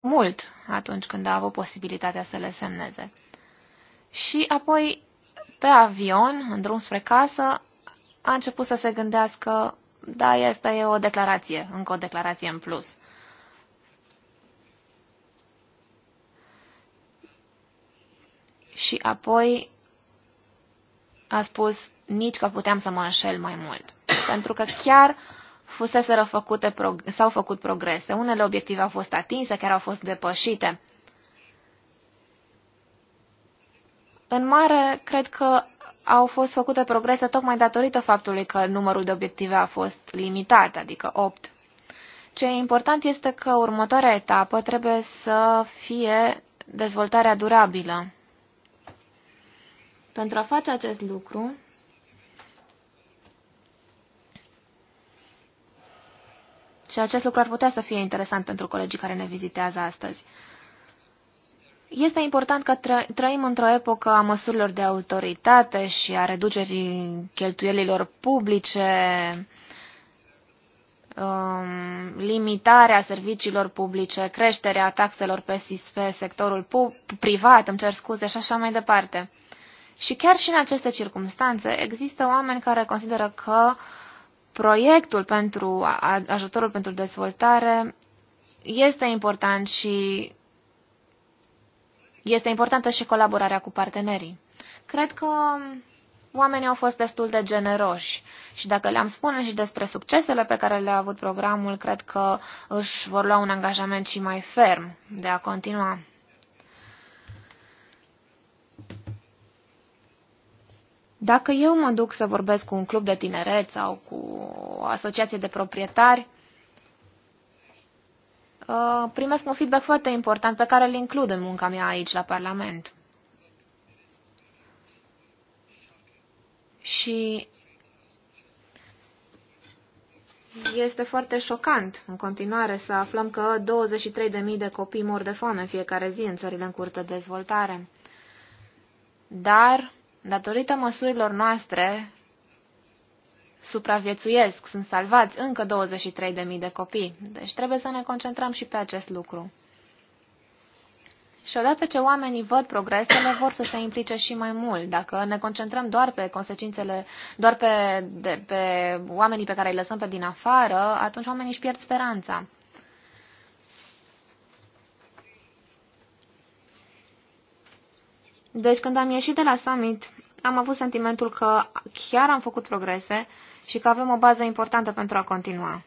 mult atunci când a avut posibilitatea să le semneze. Și apoi, pe avion, în drum spre casă, a început să se gândească, da, asta e o declarație, încă o declarație în plus. Și apoi a spus nici că puteam să mă înșel mai mult. Pentru că chiar fuseseră făcute, s-au făcut progrese. Unele obiective au fost atinse, chiar au fost depășite. În mare, cred că au fost făcute progrese tocmai datorită faptului că numărul de obiective a fost limitat, adică 8. Ce e important este că următoarea etapă trebuie să fie dezvoltarea durabilă. Pentru a face acest lucru, Și acest lucru ar putea să fie interesant pentru colegii care ne vizitează astăzi. Este important că trăim într-o epocă a măsurilor de autoritate și a reducerii cheltuielilor publice, um, limitarea serviciilor publice, creșterea taxelor pe, pe sectorul privat, îmi cer scuze, și așa mai departe. Și chiar și în aceste circunstanțe există oameni care consideră că uh, proiectul pentru ajutorul pentru dezvoltare este important și este importantă și colaborarea cu partenerii. Cred că oamenii au fost destul de generoși și dacă le-am spune și despre succesele pe care le-a avut programul, cred că își vor lua un angajament și mai ferm de a continua. Dacă eu mă duc să vorbesc cu un club de tineret sau cu o asociație de proprietari, uh, primesc un feedback foarte important pe care îl includ în munca mea aici la Parlament. Și este foarte șocant în continuare să aflăm că 23.000 de copii mor de foame în fiecare zi în țările în curs de dezvoltare. Dar Datorită măsurilor noastre, supraviețuiesc, sunt salvați încă 23.000 de copii. Deci trebuie să ne concentrăm și pe acest lucru. Și odată ce oamenii văd progresele, vor să se implice și mai mult. Dacă ne concentrăm doar pe consecințele, doar pe, de, pe oamenii pe care îi lăsăm pe din afară, atunci oamenii își pierd speranța. Deci când am ieșit de la summit, am avut sentimentul că chiar am făcut progrese și că avem o bază importantă pentru a continua.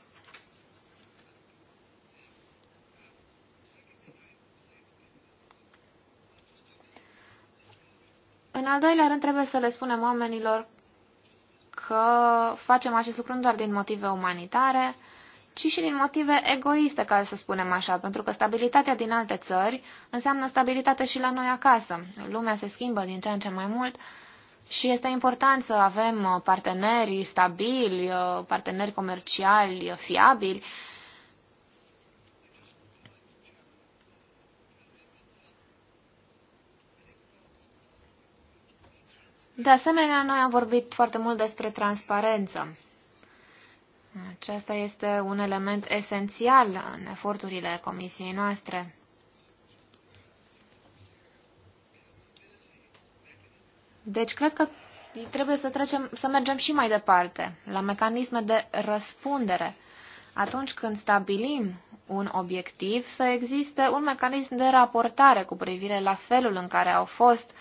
În al doilea rând, trebuie să le spunem oamenilor că facem acest lucru nu doar din motive umanitare, ci și din motive egoiste, ca să spunem așa, pentru că stabilitatea din alte țări înseamnă stabilitate și la noi acasă. Lumea se schimbă din ce în ce mai mult și este important să avem uh, parteneri stabili, uh, parteneri comerciali uh, fiabili. De asemenea, noi am vorbit foarte mult despre transparență. Acesta este un element esențial în eforturile comisiei noastre. Deci cred că trebuie să, trecem, să mergem și mai departe, la mecanisme de răspundere. Atunci când stabilim un obiectiv, să existe un mecanism de raportare cu privire la felul în care au fost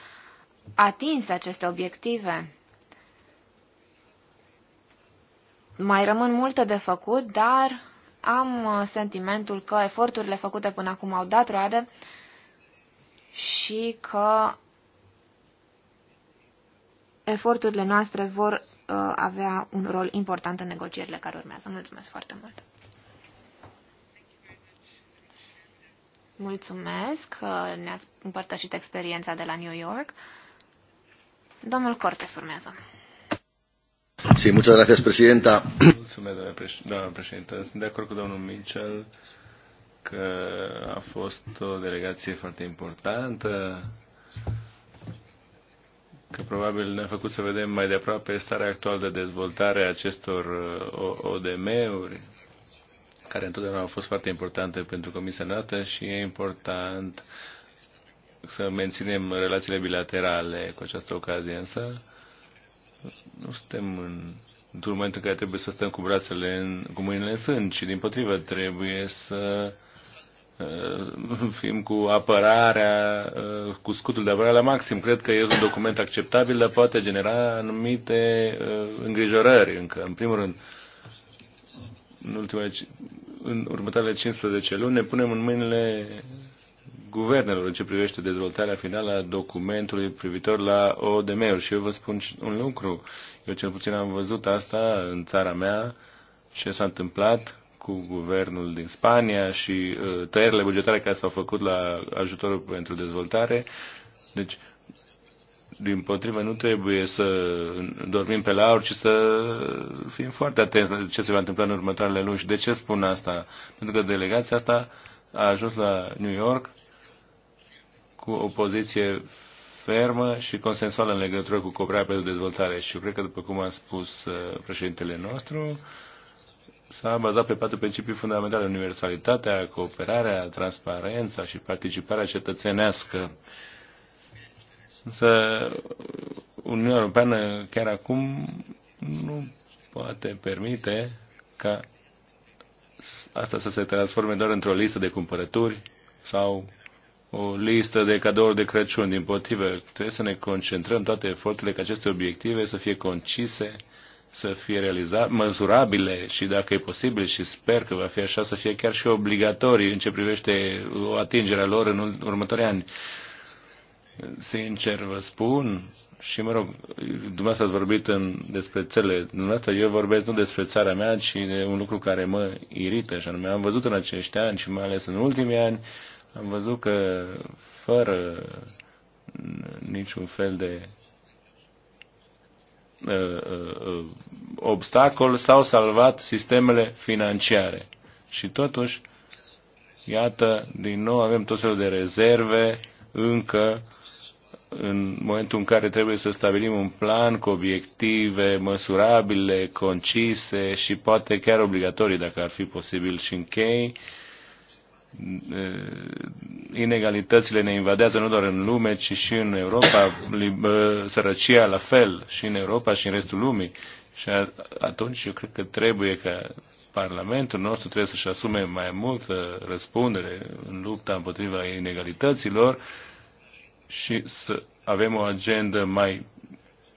atinse aceste obiective. Mai rămân multe de făcut, dar am uh, sentimentul că eforturile făcute până acum au dat roade și că eforturile noastre vor uh, avea un rol important în negocierile care urmează. Mulțumesc foarte mult! Mulțumesc că ne-ați împărtășit experiența de la New York. Domnul Cortes urmează. Sí, muchas gracias, presidenta. doamna președintă. Sunt de acord cu domnul Mitchell că a fost o delegație foarte importantă, că probabil ne-a făcut să vedem mai de aproape starea actuală de dezvoltare a acestor uh, ODM-uri, care întotdeauna au fost foarte importante pentru Comisia noastră și e important să menținem relațiile bilaterale cu această ocazie, însă nu suntem în, într-un moment în care trebuie să stăm cu brațele, în, cu mâinile în sân, ci din potrivă trebuie să uh, fim cu apărarea, uh, cu scutul de apărare la maxim. Cred că e un document acceptabil, dar poate genera anumite uh, îngrijorări încă. În primul rând, în, ultimele, în următoarele 15 luni ne punem în mâinile guvernelor în ce privește dezvoltarea finală a documentului privitor la ODM-uri. Și eu vă spun un lucru. Eu cel puțin am văzut asta în țara mea, ce s-a întâmplat cu guvernul din Spania și uh, tăierile bugetare care s-au făcut la ajutorul pentru dezvoltare. Deci, din potrivă, nu trebuie să dormim pe lauri, ci să fim foarte atenți la ce se va întâmpla în următoarele luni. Și de ce spun asta? Pentru că delegația asta a ajuns la New York cu o poziție fermă și consensuală în legătură cu cooperarea pentru dezvoltare. Și eu cred că, după cum a spus uh, președintele nostru, s-a bazat pe patru principii fundamentale, universalitatea, cooperarea, transparența și participarea cetățenească. Însă Uniunea Europeană chiar acum nu poate permite ca asta să se transforme doar într-o listă de cumpărături sau o listă de cadouri de Crăciun. Din potrivă, trebuie să ne concentrăm toate eforturile ca aceste obiective să fie concise, să fie realizabile, măzurabile și, dacă e posibil, și sper că va fi așa, să fie chiar și obligatorii în ce privește o atingerea lor în următorii ani. Sincer vă spun, și mă rog, dumneavoastră ați vorbit în, despre țările dumneavoastră, eu vorbesc nu despre țara mea, ci de un lucru care mă irită, și anume am văzut în acești ani și mai ales în ultimii ani, am văzut că fără niciun fel de uh, uh, uh, obstacol s-au salvat sistemele financiare. Și totuși, iată, din nou avem tot felul de rezerve încă în momentul în care trebuie să stabilim un plan cu obiective măsurabile, concise și poate chiar obligatorii, dacă ar fi posibil, și închei. Uh, inegalitățile ne invadează nu doar în lume, ci și în Europa, ă, sărăcia la fel, și în Europa și în restul lumii. Și atunci eu cred că trebuie ca Parlamentul nostru trebuie să-și asume mai multă răspundere în lupta împotriva inegalităților și să avem o agendă mai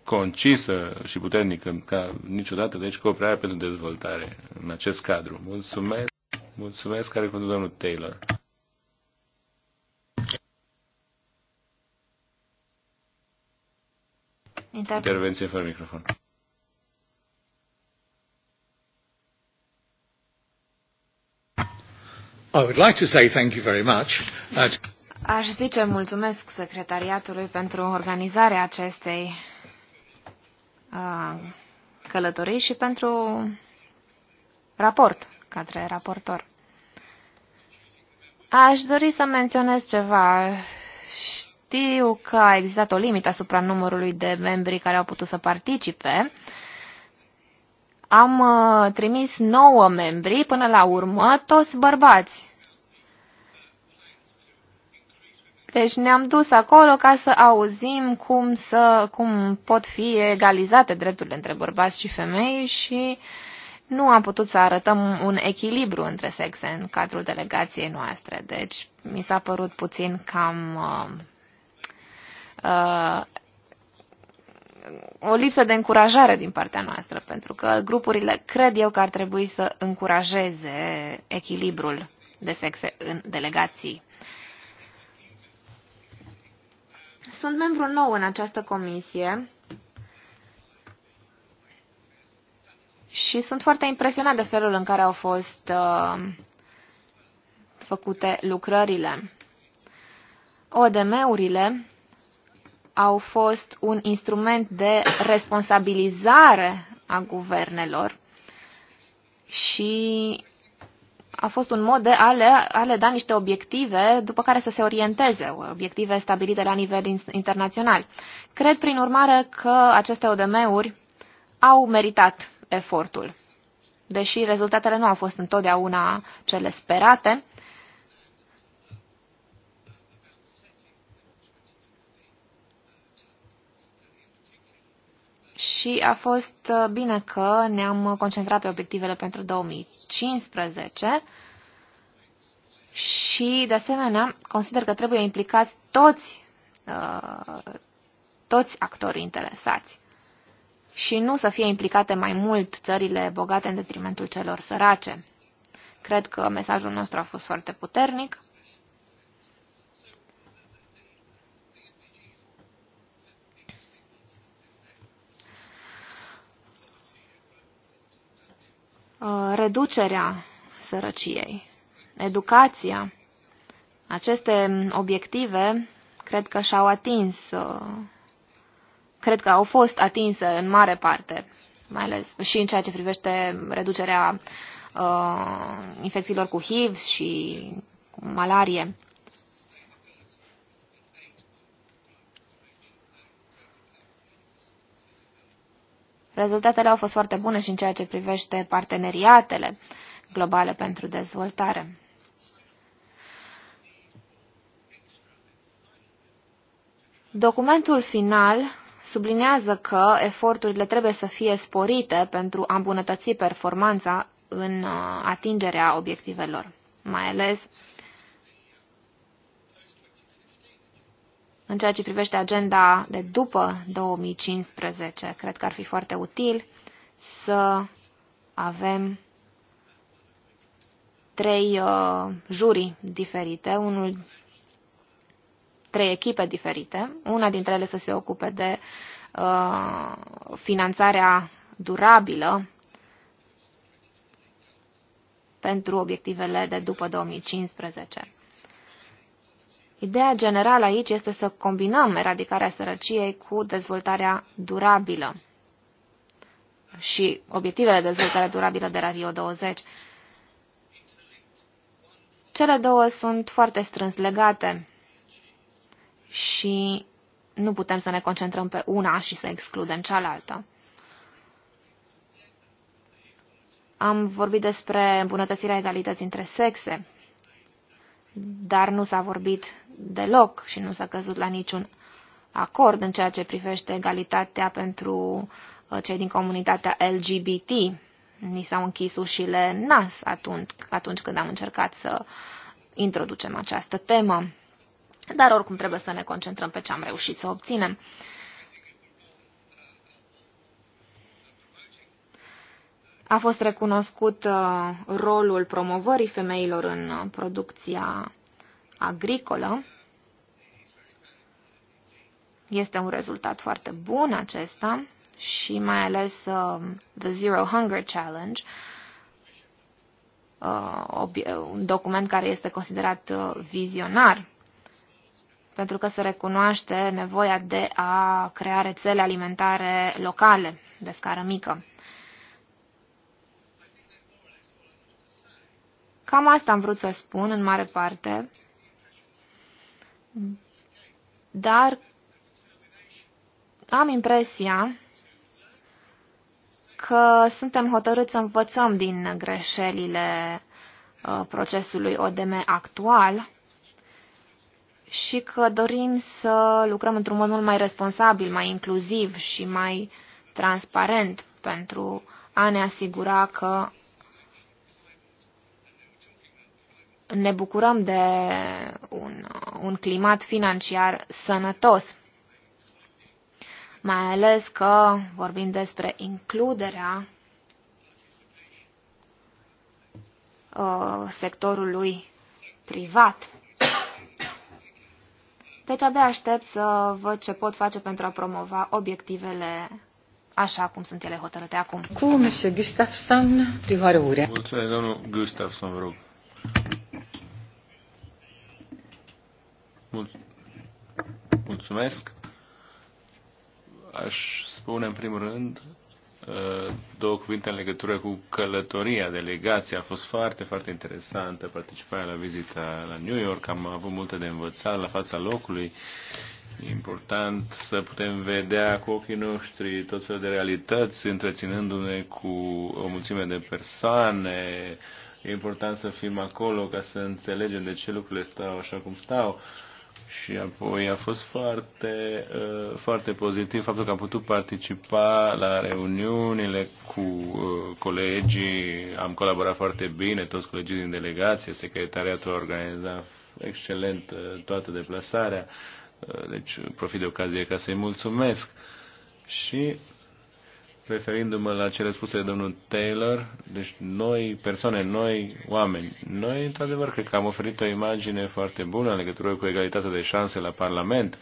concisă și puternică ca niciodată, deci cooperarea pentru dezvoltare în acest cadru. Mulțumesc! Mulțumesc, care cu domnul Taylor. Intervenție, Intervenție fără microfon. I would like to say thank you very much. Uh, Aș zice mulțumesc secretariatului pentru organizarea acestei uh, călătorii și pentru raport către raportor. Aș dori să menționez ceva. Știu că a existat o limită asupra numărului de membri care au putut să participe. Am uh, trimis nouă membri, până la urmă, toți bărbați. Deci ne-am dus acolo ca să auzim cum, să, cum pot fi egalizate drepturile între bărbați și femei și uh, nu am putut să arătăm un echilibru între sexe în cadrul delegației noastre. Deci mi s-a părut puțin cam uh, uh, o lipsă de încurajare din partea noastră, pentru că grupurile cred eu că ar trebui să încurajeze echilibrul de sexe în delegații. Sunt membru nou în această comisie și sunt foarte impresionat de felul în care au fost uh, făcute lucrările. ODM-urile au fost un instrument de responsabilizare a guvernelor și a fost un mod de a le, a le da niște obiective după care să se orienteze, obiective stabilite la nivel internațional. Cred, prin urmare, că aceste ODM-uri au meritat efortul. Deși rezultatele nu au fost întotdeauna cele sperate, și a fost uh, bine că ne-am concentrat pe obiectivele pentru 2015 și, de asemenea, consider că trebuie implicați toți, uh, toți actorii interesați și nu să fie implicate mai mult țările bogate în detrimentul celor sărace. Cred că mesajul nostru a fost foarte puternic. Uh, reducerea sărăciei, educația, aceste obiective cred că și-au atins uh, cred că au fost atinse în mare parte, mai ales și în ceea ce privește reducerea uh, infecțiilor cu HIV și cu malarie. Rezultatele au fost foarte bune și în ceea ce privește parteneriatele globale pentru dezvoltare. Documentul final sublinează că eforturile trebuie să fie sporite pentru a îmbunătăți performanța în uh, atingerea obiectivelor, mai ales în ceea ce privește agenda de după 2015. Cred că ar fi foarte util să avem trei uh, jurii diferite, unul trei echipe diferite. Una dintre ele să se ocupe de uh, finanțarea durabilă pentru obiectivele de după 2015. Ideea generală aici este să combinăm eradicarea sărăciei cu dezvoltarea durabilă și obiectivele de dezvoltare durabilă de la Rio 20. Cele două sunt foarte strâns legate și nu putem să ne concentrăm pe una și să excludem cealaltă. Am vorbit despre îmbunătățirea egalității între sexe, dar nu s-a vorbit deloc și nu s-a căzut la niciun acord în ceea ce privește egalitatea pentru uh, cei din comunitatea LGBT. Ni s-au închis ușile nas atunci, atunci când am încercat să introducem această temă dar oricum trebuie să ne concentrăm pe ce am reușit să obținem. A fost recunoscut uh, rolul promovării femeilor în uh, producția agricolă. Este un rezultat foarte bun acesta și mai ales uh, The Zero Hunger Challenge, uh, un document care este considerat uh, vizionar pentru că se recunoaște nevoia de a crea rețele alimentare locale, de scară mică. Cam asta am vrut să spun, în mare parte, dar am impresia că suntem hotărâți să învățăm din greșelile uh, procesului ODM actual și că dorim să lucrăm într-un mod mult mai responsabil, mai inclusiv și mai transparent pentru a ne asigura că ne bucurăm de un, un climat financiar sănătos. Mai ales că vorbim despre includerea uh, sectorului privat. Deci abia aștept să văd ce pot face pentru a promova obiectivele așa cum sunt ele hotărâte acum. Cu M. Gustafsson, primar ure. Mulțumesc, domnul Gustafsson, vă rog. Mulțumesc. Aș spune în primul rând Eh, două cuvinte în legătură cu călătoria delegației. A fost foarte, foarte interesantă participarea la vizita la New York. Am avut multe de învățat la fața locului. E important să putem vedea cu ochii noștri tot felul de realități, întreținându-ne cu o mulțime de persoane. E important să fim acolo ca să înțelegem de ce lucrurile stau așa cum stau. Uh, și apoi a fost foarte, uh, foarte pozitiv faptul că am putut participa la reuniunile cu uh, colegii. Am colaborat foarte bine, toți colegii din delegație, secretariatul a organizat excelent uh, toată deplasarea. Deci profit de ocazie ca să-i mulțumesc. Și referindu-mă la cele spuse de domnul Taylor, deci noi persoane, noi oameni, noi într-adevăr cred că am oferit o imagine foarte bună în legătură cu egalitatea de șanse la Parlament.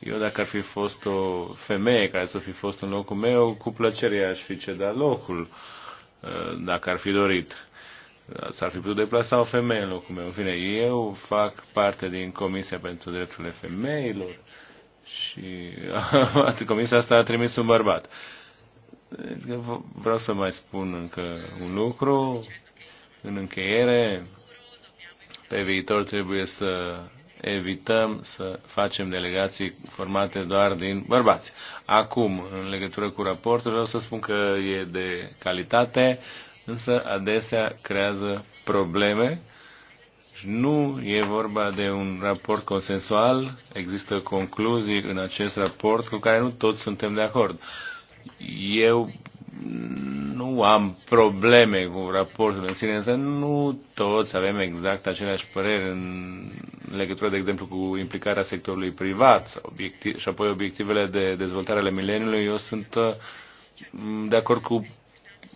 Eu dacă ar fi fost o femeie care să fi fost în locul meu, cu plăcere aș fi cedat locul, uh, dacă ar fi dorit. S-ar fi putut deplasa o femeie în locul meu. În fine, eu fac parte din Comisia pentru Drepturile Femeilor și comisia asta a trimis un bărbat. Uh, Adică vreau să mai spun încă un lucru. În încheiere, pe viitor trebuie să evităm să facem delegații formate doar din bărbați. Acum, în legătură cu raportul, vreau să spun că e de calitate, însă adesea creează probleme. Nu e vorba de un raport consensual, există concluzii în acest raport cu care nu toți suntem de acord eu nu am probleme cu raportul în sine, însă nu toți avem exact aceleași păreri în legătură, de exemplu, cu implicarea sectorului privat obiectiv, și apoi obiectivele de dezvoltare ale mileniului. Eu sunt uh, de acord cu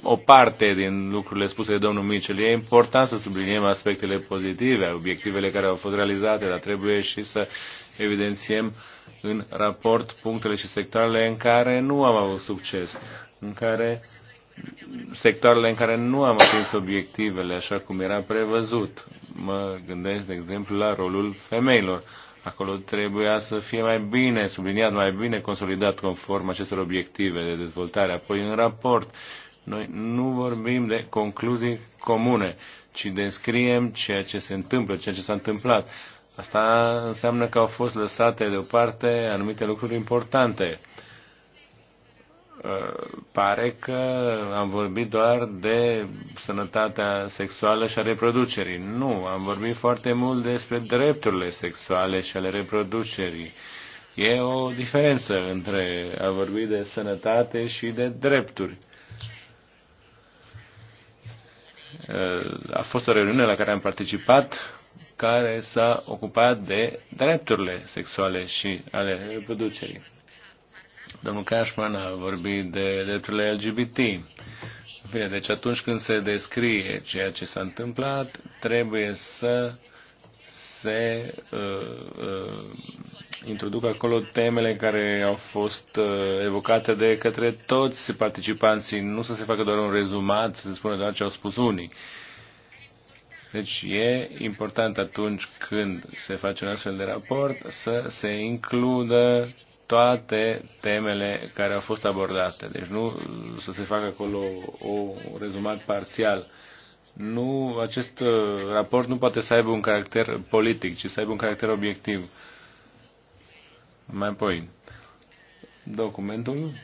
o parte din lucrurile spuse de domnul Mitchell. E important să subliniem aspectele pozitive, obiectivele care au fost realizate, dar trebuie și să evidențiem în raport punctele și sectoarele în care nu am avut succes, în care sectoarele în care nu am atins obiectivele așa cum era prevăzut. Mă gândesc, de exemplu, la rolul femeilor. Acolo trebuia să fie mai bine subliniat, mai bine consolidat conform acestor obiective de dezvoltare. Apoi, în raport, noi nu vorbim de concluzii comune, ci descriem ceea ce se întâmplă, ceea ce s-a întâmplat. Asta înseamnă că au fost lăsate deoparte anumite lucruri importante. Uh, pare că am vorbit doar de sănătatea sexuală și a reproducerii. Nu, am vorbit foarte mult despre drepturile sexuale și ale reproducerii. E o diferență între a vorbi de sănătate și de drepturi. Eh, a fost o reuniune la care am participat care s-a ocupat de drepturile sexuale și ale reproducerii. Domnul Cashman a vorbit de drepturile LGBT. Bine, deci atunci când se descrie ceea ce s-a întâmplat, trebuie să se uh, uh, introduc acolo temele care au fost uh, evocate de către toți participanții, nu să se facă doar un rezumat, să se spună doar ce au spus unii. Deci e important atunci când se face un astfel de raport să se includă toate temele care au fost abordate. Deci nu să se facă acolo o rezumat parțial. Nu, acest uh, raport nu poate să aibă un caracter politic, ci să aibă un caracter obiectiv mai apoi, documentul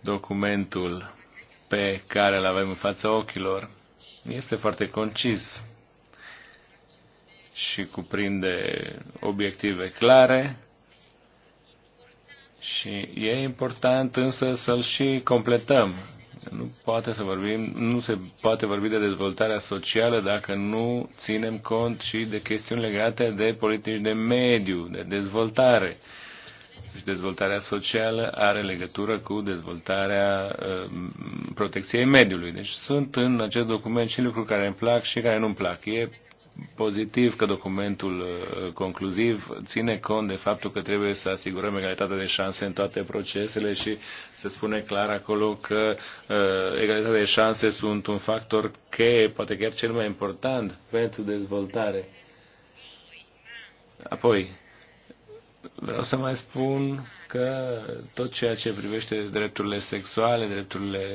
documentul pe care îl avem în fața ochilor este foarte concis și cuprinde obiective clare și e important însă să-l și completăm nu, poate să vorbim, nu se poate vorbi de dezvoltarea socială dacă nu ținem cont și de chestiuni legate de politici de mediu, de dezvoltare. Și deci dezvoltarea socială are legătură cu dezvoltarea uh, protecției mediului. Deci sunt în acest document și lucruri care îmi plac și care nu-mi plac. E pozitiv că documentul uh, concluziv ține cont de faptul că trebuie să asigurăm egalitatea de șanse în toate procesele și se spune clar acolo că uh, egalitatea de șanse sunt un factor cheie, poate chiar cel mai important pentru dezvoltare. Apoi, vreau să mai spun că tot ceea ce privește drepturile sexuale, drepturile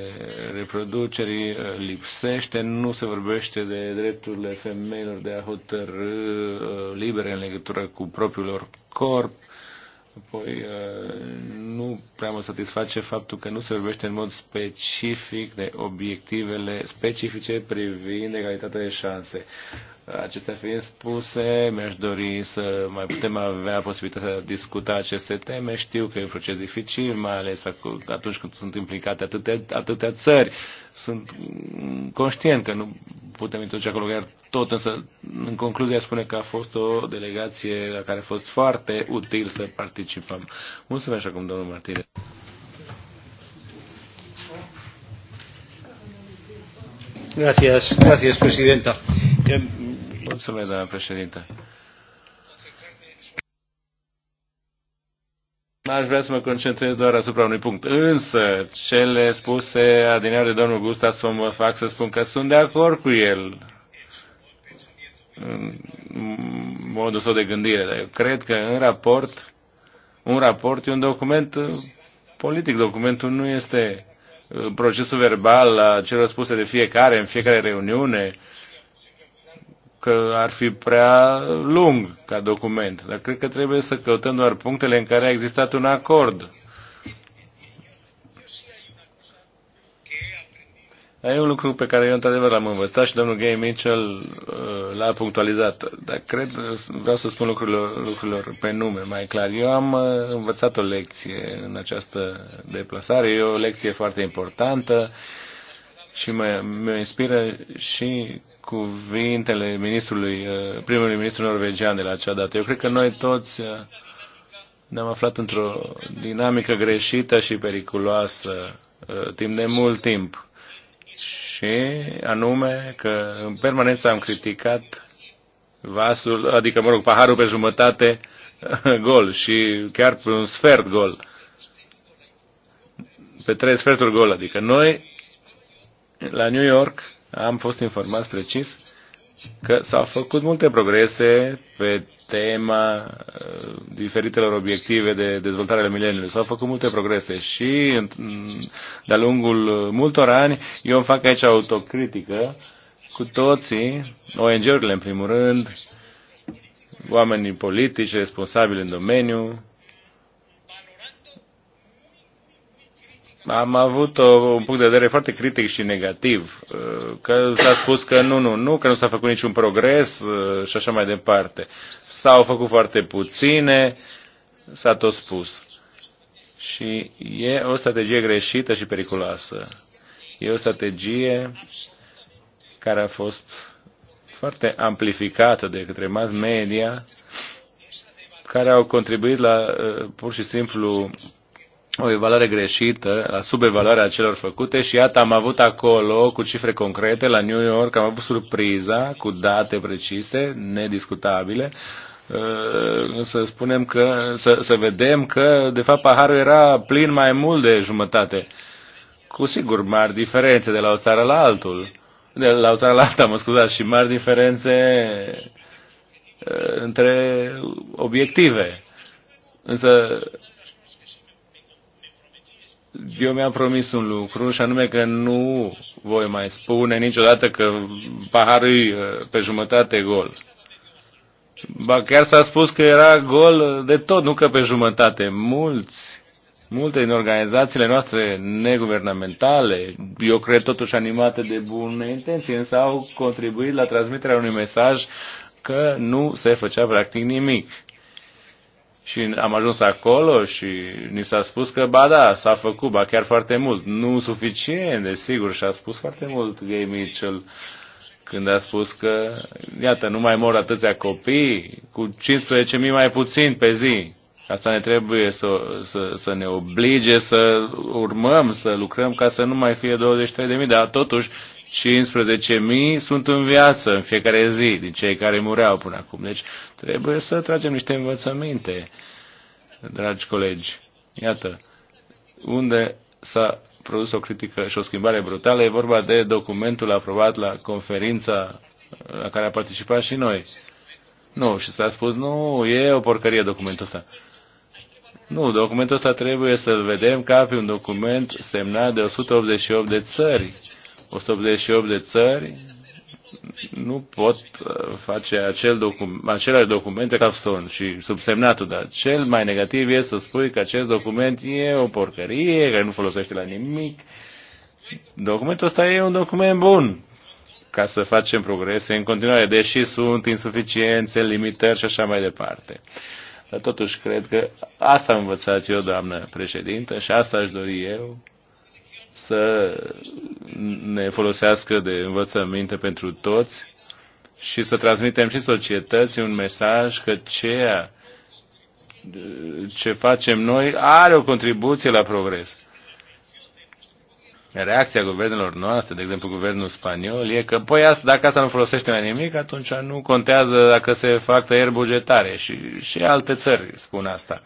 reproducerii uh, lipsește, nu se vorbește de drepturile femeilor de a hotărâ uh, libere în legătură cu propriul lor corp. Apoi uh, nu prea mă satisface faptul că nu se vorbește în mod specific de obiectivele specifice privind egalitatea de șanse. Acestea fiind spuse, mi-aș dori să mai putem avea posibilitatea de a discuta aceste teme. Știu că e un proces dificil, mai ales atunci când sunt implicate atâtea, atâtea țări. Sunt conștient că nu putem introduce acolo chiar tot, însă în concluzie spune că a fost o delegație la care a fost foarte util să participăm. Mulțumesc acum, domnul Martire. Gracias, gracias, presidenta. Eh, Mulțumesc, doamnă președinte. N-aș vrea să mă concentrez doar asupra unui punct. Însă, cele spuse adineau de domnul Gusta să mă fac să spun că sunt de acord cu el în modul său de gândire. Dar eu cred că în raport, un raport e un document uh, politic. Documentul nu este uh, procesul verbal a celor spuse de fiecare, în fiecare reuniune că ar fi prea lung ca document, dar cred că trebuie să căutăm doar punctele în care a existat un acord. Dar e un lucru pe care eu într-adevăr l-am învățat și domnul Gay Mitchell uh, l-a punctualizat. Dar cred, vreau să spun lucrurilor, lucrurilor pe nume mai clar. Eu am uh, învățat o lecție în această deplasare. E o lecție foarte importantă și mă, mă inspiră și cuvintele ministrului, uh, primului ministru norvegian de la acea dată. Eu cred că noi toți uh, ne-am aflat într-o dinamică greșită și periculoasă uh, timp de mult timp. Și anume că în permanență am criticat vasul, adică, mă rog, paharul pe jumătate gol și chiar pe un sfert gol. Pe trei sferturi gol, adică noi la New York am fost informat precis că s-au făcut multe progrese pe tema uh, diferitelor obiective de dezvoltare ale mileniului. S-au făcut multe progrese și de-a lungul multor ani eu îmi fac aici autocritică cu toții, ONG-urile în primul rând, oamenii politici responsabili în domeniu, Am avut o, un punct de vedere foarte critic și negativ, uh, că s-a spus că nu, nu, nu, că nu s-a făcut niciun progres uh, și așa mai departe. S-au făcut foarte puține, s-a tot spus. Și e o strategie greșită și periculoasă. E o strategie care a fost foarte amplificată de către mass media, care au contribuit la uh, pur și simplu o evaluare greșită, la subevaluarea celor făcute și iată am avut acolo cu cifre concrete la New York, am avut surpriza cu date precise, nediscutabile, uh, să spunem că, să, să vedem că de fapt paharul era plin mai mult de jumătate. Cu sigur mari diferențe de la o țară la altul, de la o țară la alta, mă scuzați, și mari diferențe uh, între obiective. Însă eu mi-am promis un lucru și anume că nu voi mai spune niciodată că paharul uh, pe jumătate gol. Ba chiar s-a spus că era gol de tot, nu că pe jumătate. Mulți, multe din organizațiile noastre neguvernamentale, eu cred totuși animate de bune intenții, însă au contribuit la transmiterea unui mesaj că nu se făcea practic nimic. Și am ajuns acolo și ni s-a spus că, ba da, s-a făcut, ba chiar foarte mult. Nu suficient, desigur, și a spus foarte mult Gay Mitchell când a spus că, iată, nu mai mor atâția copii, cu 15.000 mai puțin pe zi. Asta ne trebuie să, să, să ne oblige să urmăm, să lucrăm ca să nu mai fie 23.000, dar totuși 15.000 sunt în viață în fiecare zi din cei care mureau până acum. Deci trebuie să tragem niște învățăminte, dragi colegi. Iată, unde s-a produs o critică și o schimbare brutală, e vorba de documentul aprobat la conferința la care a participat și noi. Nu, și s-a spus, nu, e o porcărie documentul ăsta. Nu, documentul ăsta trebuie să-l vedem ca pe un document semnat de 188 de țări 188 de țări nu pot uh, face acel document, același document ca son și subsemnatul, dar cel mai negativ e să spui că acest document e o porcărie, că nu folosește la nimic. Documentul ăsta e un document bun ca să facem progrese în continuare, deși sunt insuficiențe, limitări și așa mai departe. Dar totuși cred că asta am învățat eu, doamnă președintă, și asta aș dori eu să ne folosească de învățăminte pentru toți și să transmitem și societății un mesaj că ceea ce facem noi are o contribuție la progres. Reacția guvernelor noastre, de exemplu guvernul spaniol, e că, păi, asta, dacă asta nu folosește la nimic, atunci nu contează dacă se fac tăieri bugetare și, și alte țări spun asta.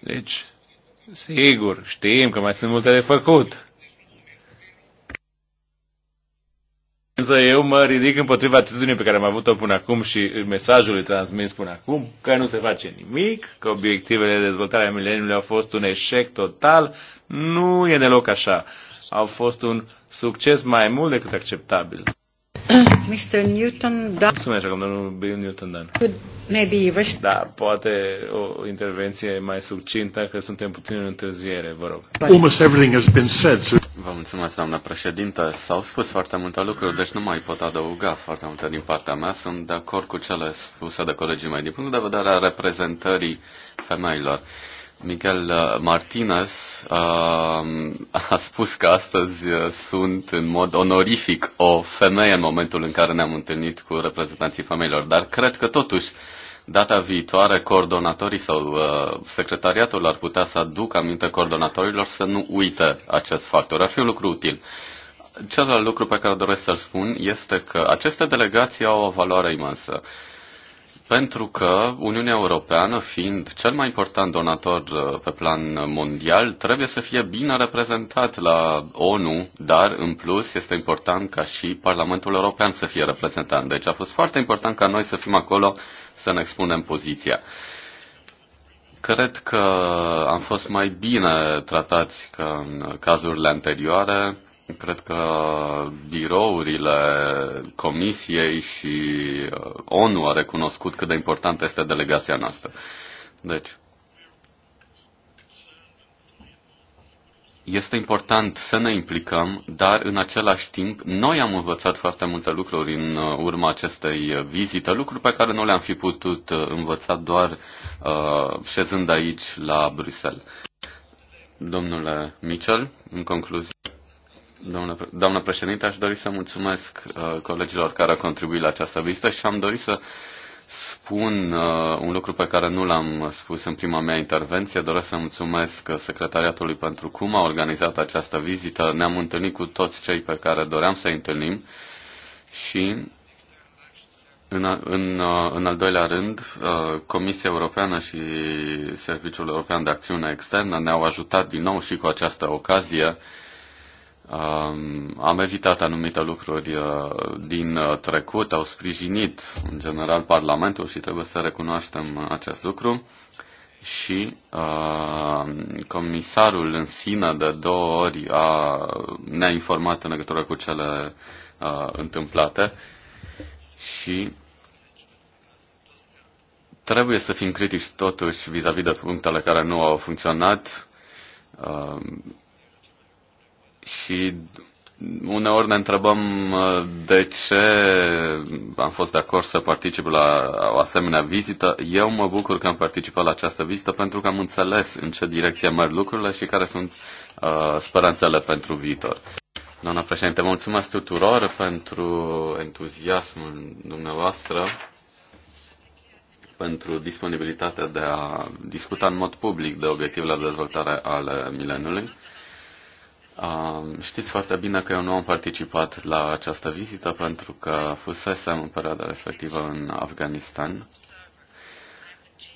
Deci, Sigur, știm că mai sunt multe de făcut. Însă eu mă ridic împotriva atitudinii pe care am avut-o până acum și mesajului transmis până acum, că nu se face nimic, că obiectivele de dezvoltare a mileniului au fost un eșec total. Nu e deloc așa. Au fost un succes mai mult decât acceptabil. Mr. Newton Dunn. Da. Mulțumesc, domnul Bill Newton Da, poate o intervenție mai succintă, că suntem puțin în întârziere, vă rog. Almost everything has been said. So... Vă mulțumesc, doamna președintă. S-au spus foarte multe lucruri, deci nu mai pot adăuga foarte multe din partea mea. Sunt de acord cu cele spuse de colegii mei din punct de vedere a reprezentării femeilor. Miguel uh, Martinez um, a spus că astăzi uh, sunt în mod onorific o femeie în momentul în care ne-am întâlnit cu reprezentanții femeilor, dar cred că totuși data viitoare coordonatorii sau uh, secretariatul ar putea să aducă aminte coordonatorilor să nu uite acest factor. Ar fi un lucru util. Celălalt lucru pe care doresc să-l spun este că aceste delegații au o valoare imensă. Uh, pentru că Uniunea Europeană, fiind cel mai important donator uh, pe plan mondial, trebuie să fie bine reprezentat la ONU, dar în plus este important ca și Parlamentul European să fie reprezentat. Deci a fost foarte important ca noi să fim acolo să ne expunem poziția. Cred că am fost mai bine tratați ca în cazurile anterioare Cred că birourile Comisiei și uh, ONU a recunoscut cât de importantă este delegația noastră. Deci, este important să ne implicăm, dar în același timp noi am învățat foarte multe lucruri în uh, urma acestei uh, vizite, lucruri pe care nu le-am fi putut învăța doar uh, șezând aici la Bruxelles. Domnule Mitchell, în concluzie. Domnule, doamnă președinte, aș dori să mulțumesc uh, colegilor care au contribuit la această vizită și am dorit să spun uh, un lucru pe care nu l-am spus în prima mea intervenție. Doresc să mulțumesc uh, secretariatului pentru cum a organizat această vizită. Ne-am întâlnit cu toți cei pe care doream să-i întâlnim și în, în, uh, în al doilea rând, uh, Comisia Europeană și Serviciul European de Acțiune Externă ne-au ajutat din nou și cu această ocazie am evitat anumite lucruri uh, din uh, trecut, au sprijinit în general Parlamentul și trebuie să recunoaștem acest lucru. Și uh, comisarul în sine de două ori a, ne-a informat în legătură cu cele întâmplate și trebuie să fim critici totuși vis-a-vis -vis de punctele care nu au funcționat. Și uneori ne întrebăm uh, de ce am fost de acord să particip la o asemenea vizită. Eu mă bucur că am participat la această vizită pentru că am înțeles în ce direcție merg lucrurile și care sunt uh, speranțele pentru viitor. Doamna președinte, mulțumesc tuturor pentru entuziasmul dumneavoastră, pentru disponibilitatea de a discuta în mod public de obiectivele de dezvoltare ale mileniului. Știți foarte bine că eu nu am participat la această vizită pentru că fusesem în perioada respectivă în Afganistan,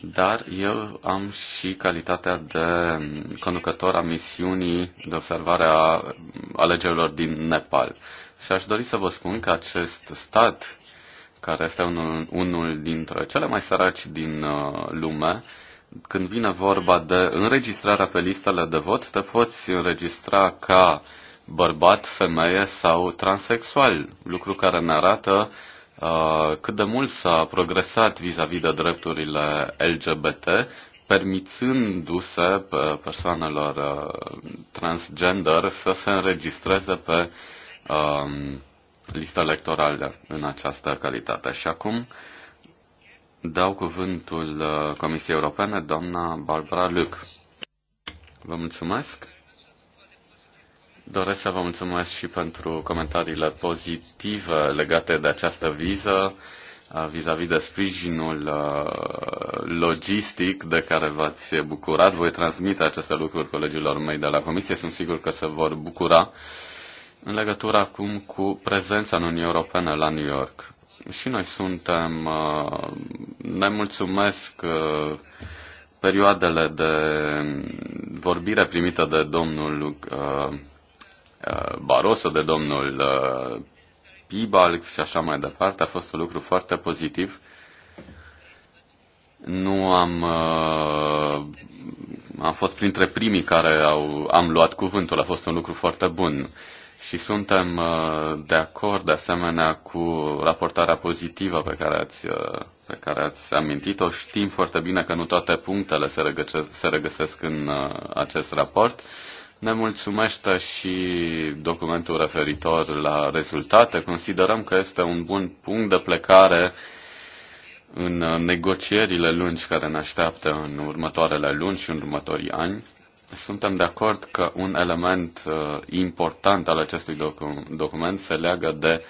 dar eu am și calitatea de conducător a misiunii de observare a alegerilor din Nepal. Și aș dori să vă spun că acest stat, care este unul, unul dintre cele mai săraci din uh, lume, când vine vorba de înregistrarea pe listele de vot, te poți înregistra ca bărbat, femeie sau transexual, lucru care ne arată uh, cât de mult s-a progresat vis-a-vis -vis de drepturile LGBT, permițându-se pe persoanelor uh, transgender să se înregistreze pe uh, lista electorală în această calitate. Și acum uh, Dau cuvântul uh, Comisiei Europene, doamna Barbara Luc. Vă mulțumesc. Doresc să vă mulțumesc și pentru comentariile pozitive legate de această viză uh, vis-a-vis -vis de sprijinul uh, logistic de care v-ați bucurat. Voi transmite aceste lucruri colegilor mei de la Comisie. Sunt sigur că se vor bucura în legătură acum cu prezența în Uniunea Europeană la New York și noi suntem, uh, ne mulțumesc uh, perioadele de vorbire primită de domnul uh, Barosă de domnul Pibalx și așa mai departe. A fost un lucru foarte pozitiv. Nu am, am fost printre primii care au, am luat cuvântul, a fost un lucru foarte bun și suntem uh, de acord de asemenea cu raportarea pozitivă pe care ați, uh, pe care ați amintit-o. Știm foarte bine că nu toate punctele se, regăsesc, se regăsesc în uh, acest raport. Ne mulțumește și documentul referitor la rezultate. Considerăm că este un bun punct de plecare în negocierile lungi care ne așteaptă în următoarele luni și în următorii ani suntem de acord că un element uh, important al acestui docu- document se leagă de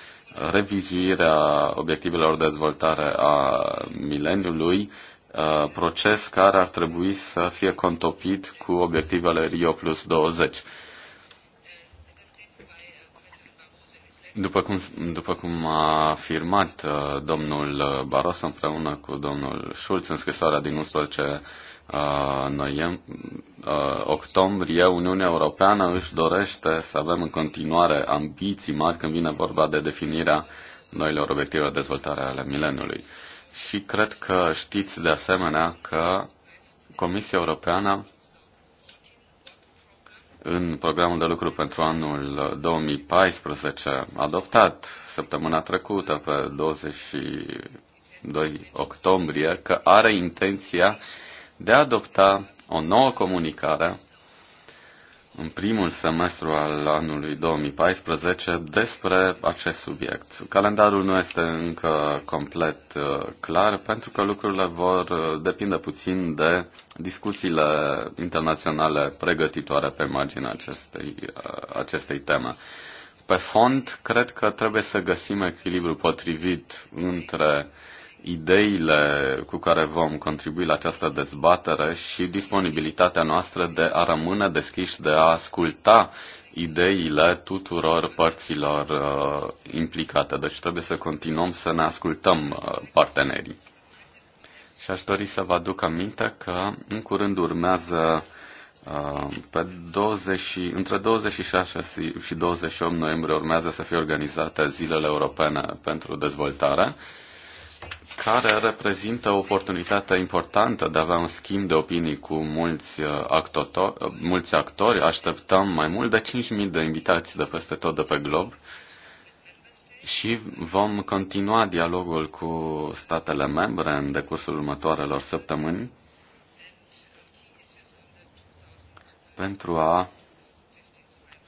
revizuirea obiectivelor de dezvoltare a mileniului, uh, proces care ar trebui să fie contopit cu obiectivele Rio Plus 20. După cum, după cum a afirmat uh, domnul Barroso împreună cu domnul Schulz în scrisoarea din 11 Uh, noiem- uh, octombrie, Uniunea Europeană își dorește să avem în continuare ambiții mari când vine vorba de definirea noilor obiective de dezvoltare ale mileniului. Și cred că știți de asemenea că Comisia Europeană în programul de lucru pentru anul 2014 adoptat săptămâna trecută pe 22 octombrie că are intenția de a adopta o nouă comunicare în primul semestru al anului 2014 despre acest subiect. Calendarul nu este încă complet uh, clar pentru că lucrurile vor uh, depinde puțin de discuțiile internaționale pregătitoare pe marginea acestei, uh, acestei teme. Pe fond, cred că trebuie să găsim echilibru potrivit între uh, ideile cu care vom contribui la această dezbatere și disponibilitatea noastră de a rămâne deschiși, de a asculta ideile tuturor părților uh, implicate. Deci trebuie să continuăm să ne ascultăm uh, partenerii. Și aș dori să vă aduc aminte că în curând urmează uh, pe 20, între 26 și 28 noiembrie urmează să fie organizate zilele europene pentru dezvoltare care reprezintă o oportunitate importantă de a avea un schimb de opinii cu mulți, uh, actotori, uh, mulți actori. Așteptăm mai mult de 5.000 de invitați de peste tot de pe glob și vom continua dialogul cu statele membre în decursul următoarelor săptămâni pentru a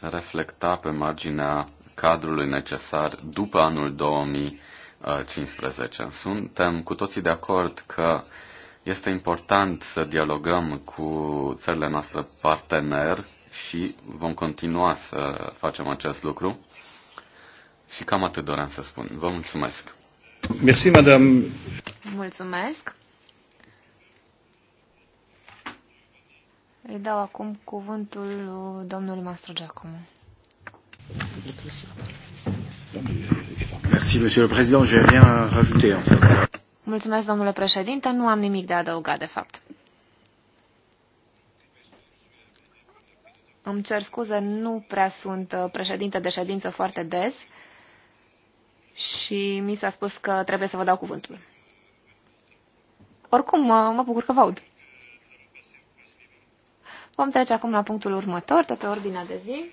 reflecta pe marginea cadrului necesar după anul 2000 15. Suntem cu toții de acord că este important să dialogăm cu țările noastre partener și vom continua să facem acest lucru. Și cam atât doream să spun. Vă mulțumesc. Merci, madame. Mulțumesc. Îi dau acum cuvântul domnului Mastro Giacomo. Merci, Monsieur le Président. rien rajouter, en fait. Mulțumesc, domnule președinte. Nu am nimic de adăugat, de fapt. Îmi cer scuze, nu prea sunt uh, președinte de ședință foarte des și mi s-a spus că trebuie să vă dau cuvântul. Oricum, mă, mă bucur că vă aud. Vom trece acum la punctul următor, de pe ordinea de zi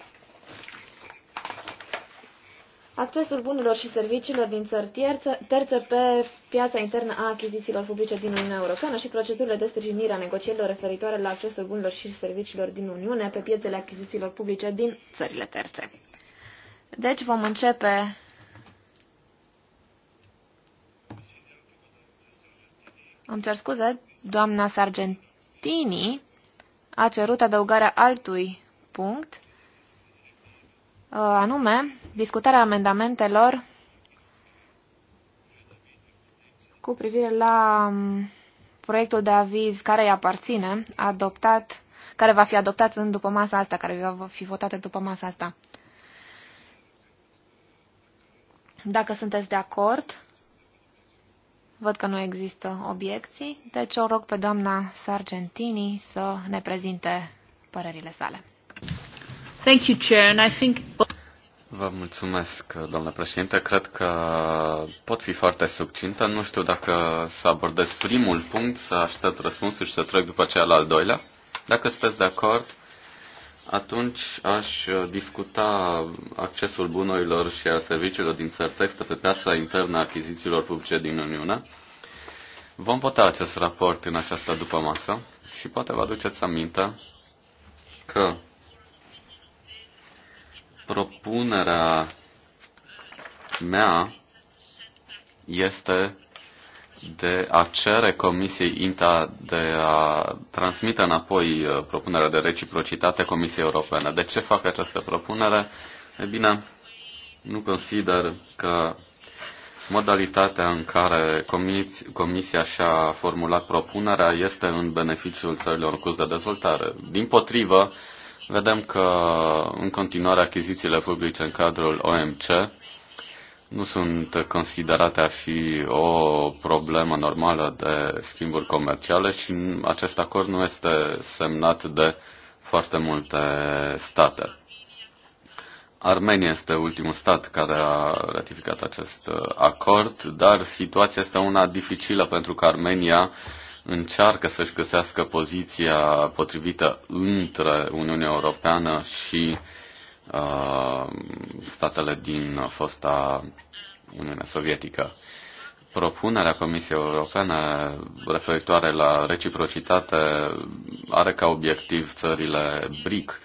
accesul bunurilor și serviciilor din țări terță, terțe pe piața internă a achizițiilor publice din Uniunea Europeană și procedurile de sprijinire a negocierilor referitoare la accesul bunurilor și serviciilor din Uniune pe piețele achizițiilor publice din țările terțe. Deci vom începe Am cer scuze, doamna Sargentini a cerut adăugarea altui punct Uh, anume discutarea amendamentelor cu privire la um, proiectul de aviz care îi aparține, adoptat, care va fi adoptat în după masa asta, care va fi votat după masa asta. Dacă sunteți de acord, văd că nu există obiecții, deci o rog pe doamna Sargentini să ne prezinte părerile sale. Vă mulțumesc, doamnă președinte. Cred că pot fi foarte succintă. Nu știu dacă să abordez primul punct, să aștept răspunsul și să trec după aceea la al doilea. Dacă sunteți de acord, atunci aș discuta accesul bunurilor și a serviciilor din țări textă pe piața internă a achizițiilor publice din Uniune. Vom vota acest raport în această dupămasă și poate vă aduceți aminte că Propunerea mea este de a cere Comisiei INTA de a transmite înapoi uh, propunerea de reciprocitate Comisiei Europene. De ce fac această propunere? E bine, nu consider că modalitatea în care Comisia și-a formulat propunerea este în beneficiul țărilor în curs de dezvoltare. Din potrivă, Vedem că în continuare achizițiile publice în cadrul OMC nu sunt considerate a fi o problemă normală de schimburi comerciale și acest acord nu este semnat de foarte multe state. Armenia este ultimul stat care a ratificat acest acord, dar situația este una dificilă pentru că Armenia încearcă să-și găsească poziția potrivită între Uniunea Europeană și uh, statele din fosta Uniunea Sovietică. Propunerea Comisiei Europene referitoare la reciprocitate are ca obiectiv țările BRIC,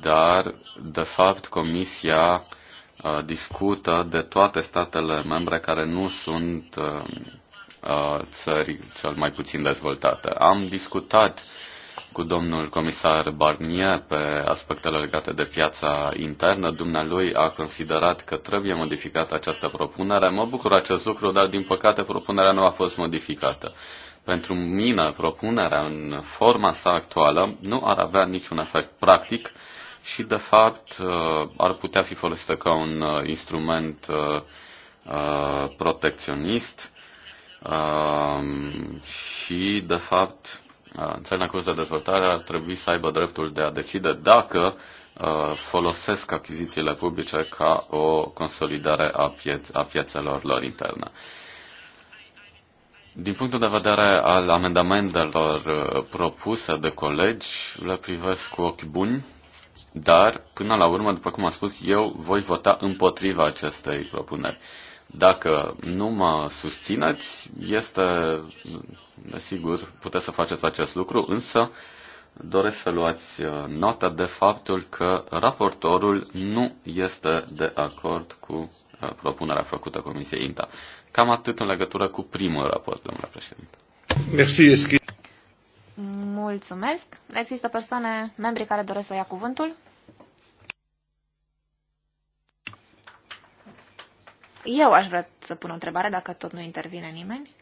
dar, de fapt, Comisia uh, discută de toate statele membre care nu sunt uh, Uh, țări cel mai puțin dezvoltate. Am discutat cu domnul comisar Barnier pe aspectele legate de piața internă. Dumnealui a considerat că trebuie modificată această propunere. Mă bucur acest lucru, dar din păcate propunerea nu a fost modificată. Pentru mine, propunerea în forma sa actuală nu ar avea niciun efect practic și, de fapt, uh, ar putea fi folosită ca un uh, instrument protecționist Um, și, de fapt, uh, țările în curs de dezvoltare ar trebui să aibă dreptul de a decide dacă uh, folosesc achizițiile publice ca o consolidare a, pie- a piețelor lor interne. Din punctul de vedere al amendamentelor uh, propuse de colegi, le privesc cu ochi buni, dar, până la urmă, după cum am spus, eu voi vota împotriva acestei propuneri. Dacă nu mă susțineți, este, desigur, puteți să faceți acest lucru, însă doresc să luați uh, nota de faptul că raportorul nu este de acord cu uh, propunerea făcută Comisiei INTA. Cam atât în legătură cu primul raport, domnule președinte. Merci, Mulțumesc. Există persoane, membri care doresc să ia cuvântul? Eu aș vrea să pun o întrebare, dacă tot nu intervine nimeni.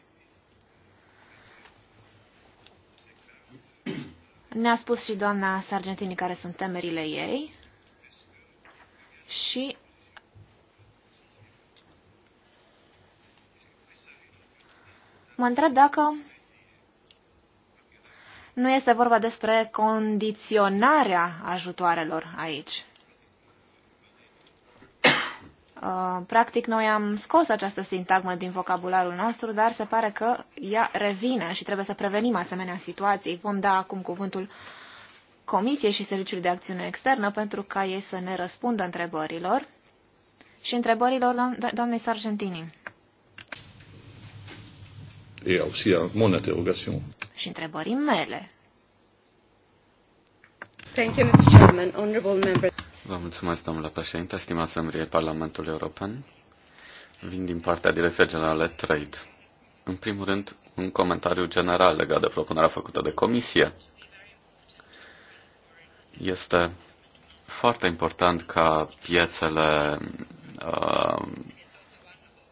Ne-a spus și doamna Sargentini care sunt temerile ei și mă întreb dacă nu este vorba despre condiționarea ajutoarelor aici. Uh, practic, noi am scos această sintagmă din vocabularul nostru, dar se pare că ea revine și trebuie să prevenim asemenea situații. Vom da acum cuvântul Comisiei și Serviciului de Acțiune Externă pentru ca ei să ne răspundă întrebărilor și întrebărilor do doamnei Sargentini. E aussi à mon Și întrebării mele. Thank you, Mr. Chairman, honorable members. Vă mulțumesc, domnule președinte, stimați membrii Parlamentului European. Vin din partea Direcției Generale Trade. În primul rând, un comentariu general legat de propunerea făcută de Comisie. Este foarte important ca piețele uh,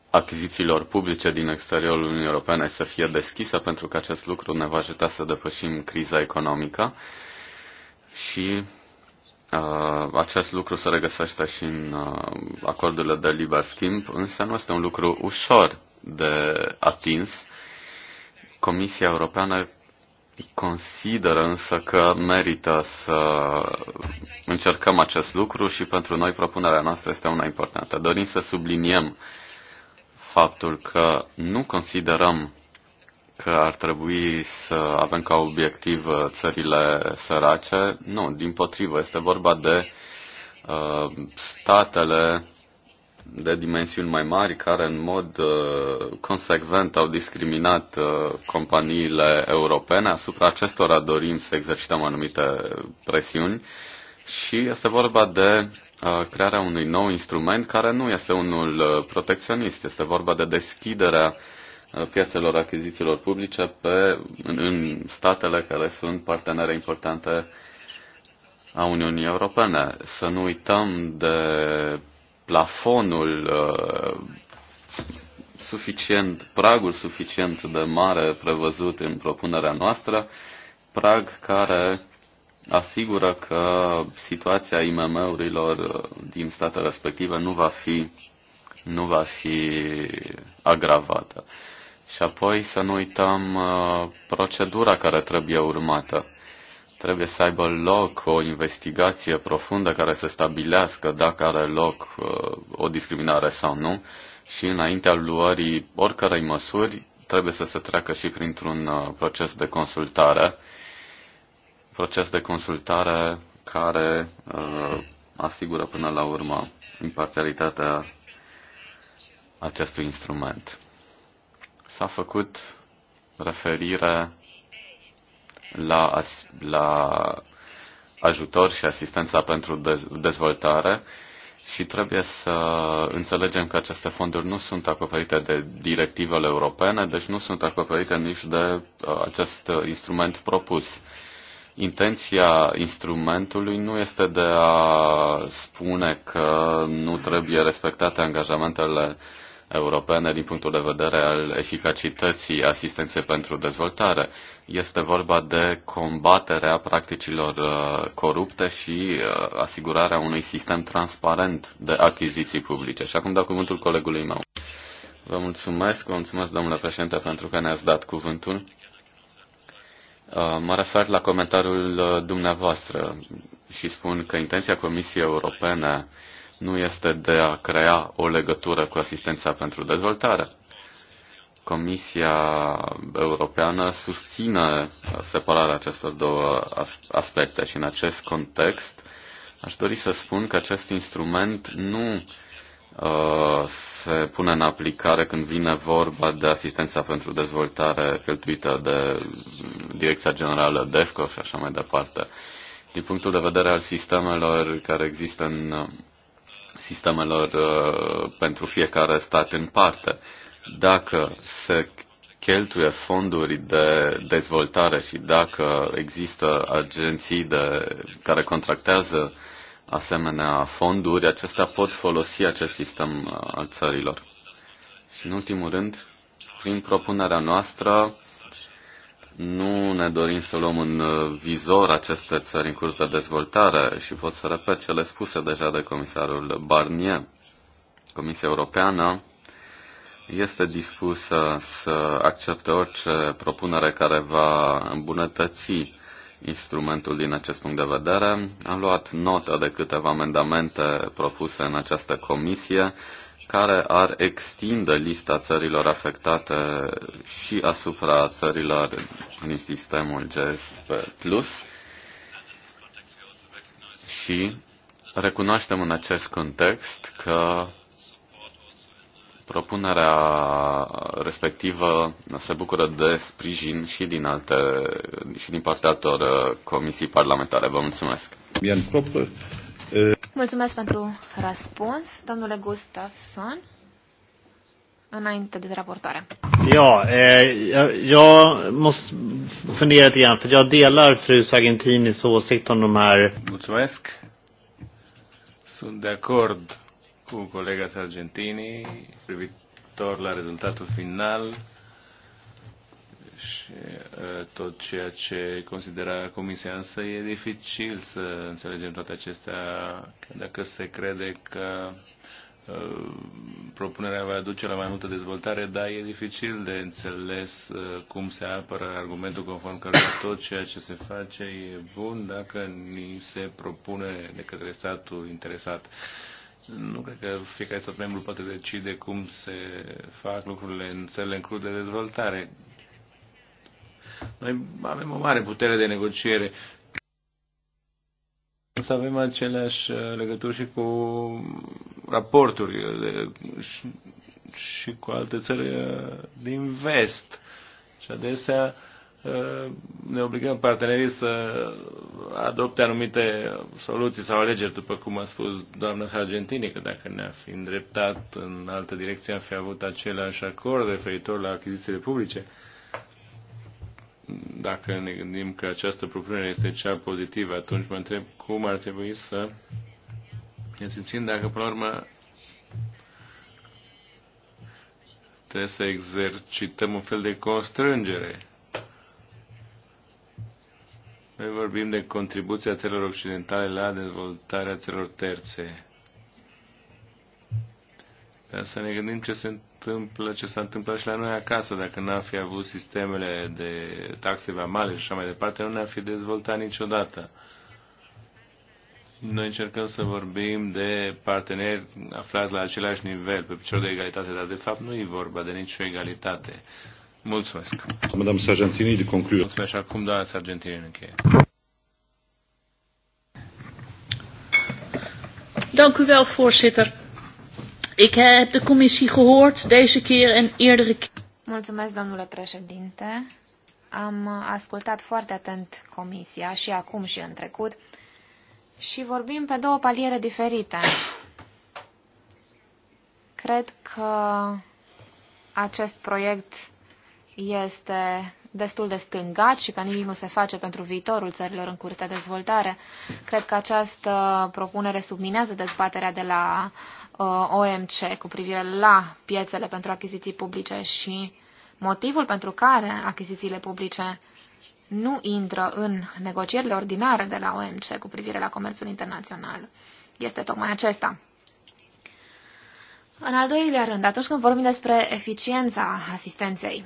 achizițiilor publice din exteriorul Uniunii Europene să fie deschise, pentru că acest lucru ne va ajuta să depășim criza economică și Uh, acest lucru se regăsește și în uh, acordurile de liber schimb, însă nu este un lucru ușor de atins. Comisia Europeană consideră însă că merită să încercăm acest lucru și pentru noi propunerea noastră este una importantă. Dorim să subliniem faptul că nu considerăm că ar trebui să avem ca obiectiv uh, țările sărace. Nu, din potrivă, este vorba de uh, statele de dimensiuni mai mari care în mod uh, consecvent au discriminat uh, companiile europene. Asupra acestora dorim să exercităm anumite presiuni și este vorba de uh, crearea unui nou instrument care nu este unul uh, protecționist, este vorba de deschiderea uh, piațelor achizițiilor publice pe, în, în statele care sunt partenere importante a Uniunii Europene. Să nu uităm de plafonul uh, suficient, pragul suficient de mare prevăzut în propunerea noastră, prag care asigură că situația IMM-urilor uh, din statele respective nu va fi, nu va fi agravată. Și apoi să nu uităm uh, procedura care trebuie urmată. Trebuie să aibă loc o investigație profundă care să stabilească dacă are loc uh, o discriminare sau nu și înaintea luării oricărei măsuri trebuie să se treacă și printr-un uh, proces de consultare. Proces de consultare care uh, asigură până la urmă imparțialitatea acestui instrument. S-a făcut referire la, la ajutor și asistența pentru dezvoltare și trebuie să înțelegem că aceste fonduri nu sunt acoperite de directivele europene, deci nu sunt acoperite nici de uh, acest uh, instrument propus. Intenția instrumentului nu este de a spune că nu trebuie respectate angajamentele uh, europene din punctul de vedere al eficacității asistenței pentru dezvoltare. Este vorba de combaterea practicilor uh, corupte și uh, asigurarea unui sistem transparent de achiziții publice. Și acum dau cuvântul colegului meu. Vă mulțumesc, vă mulțumesc, domnule președinte, pentru că ne-ați dat cuvântul. Uh, mă refer la comentariul dumneavoastră și spun că intenția Comisiei Europene nu este de a crea o legătură cu asistența pentru dezvoltare. Comisia Europeană susține separarea acestor două aspecte și în acest context aș dori să spun că acest instrument nu uh, se pune în aplicare când vine vorba de asistența pentru dezvoltare cheltuită de Direcția Generală DEFCO și așa mai departe. Din punctul de vedere al sistemelor care există în sistemelor uh, pentru fiecare stat în parte. Dacă se cheltuie fonduri de dezvoltare și dacă există agenții de, care contractează asemenea fonduri, acestea pot folosi acest sistem uh, al țărilor. Și în ultimul rând, prin propunerea noastră, nu ne dorim să luăm în uh, vizor aceste țări în curs de dezvoltare și pot să repet cele spuse deja de comisarul Barnier. Comisia Europeană este dispusă să accepte orice propunere care va îmbunătăți instrumentul din acest punct de vedere. Am luat notă de câteva amendamente propuse în această comisie care ar extinde lista țărilor afectate și asupra țărilor din sistemul GSP+. Și recunoaștem în acest context că propunerea respectivă se bucură de sprijin și din alte și din partea altor comisii parlamentare. Vă mulțumesc. Bien, propre. Mulțumesc pentru răspuns, domnule Gustafsson, înainte de raportare. Ja, eh, jag, måste fundera lite grann, för jag delar fru Sargentinis åsikt om de här... Mulțumesc. Sunt de acord cu colega Sargentini privitor la rezultatul final și tot ceea ce considera Comisia. Însă e dificil să înțelegem toate acestea dacă se crede că propunerea va duce la mai multă dezvoltare, dar e dificil de înțeles cum se apără argumentul conform căruia tot ceea ce se face e bun dacă ni se propune de către statul interesat. Nu cred că fiecare stat membru poate decide cum se fac lucrurile în țările în curs de dezvoltare. Noi avem o mare putere de negociere. Să avem aceleași uh, legături și cu raporturi uh, de, și, și cu alte țări uh, din vest. Și adesea ne obligăm partenerii să adopte anumite soluții sau alegeri, după cum a spus doamna Sargentini, că dacă ne-a fi îndreptat în altă direcție, am fi avut același acord referitor la achizițiile publice dacă ne gândim că această propunere este cea pozitivă, atunci mă întreb cum ar trebui să ne simțim dacă, până la urmă, trebuie să exercităm un fel de constrângere. Noi vorbim de contribuția țărilor occidentale la dezvoltarea țărilor terțe. Dar să ne gândim ce se întâmplă întâmplă ce s-a întâmplat și la noi acasă. Dacă n-am fi avut sistemele de taxe vamale și așa mai departe, nu ne am fi dezvoltat niciodată. Noi încercăm să vorbim de parteneri aflați la același nivel, pe picior de egalitate, dar de fapt nu e vorba de nicio egalitate. Mulțumesc. Madame Sargentini, de concluzie. Mulțumesc și acum, doamna Sargentini, în încheie. Dank u wel, voorzitter. Ik heb de commissie gehoord deze keer en eerdere keer. Mulțumesc, domnule președinte. Am ascultat foarte atent comisia și acum și în trecut și vorbim pe două paliere diferite. Cred că acest proiect este destul de stângat și că nimic nu se face pentru viitorul țărilor în curs de dezvoltare. Cred că această propunere subminează dezbaterea de la uh, OMC cu privire la piețele pentru achiziții publice și motivul pentru care achizițiile publice nu intră în negocierile ordinare de la OMC cu privire la comerțul internațional. Este tocmai acesta. În al doilea rând, atunci când vorbim despre eficiența asistenței,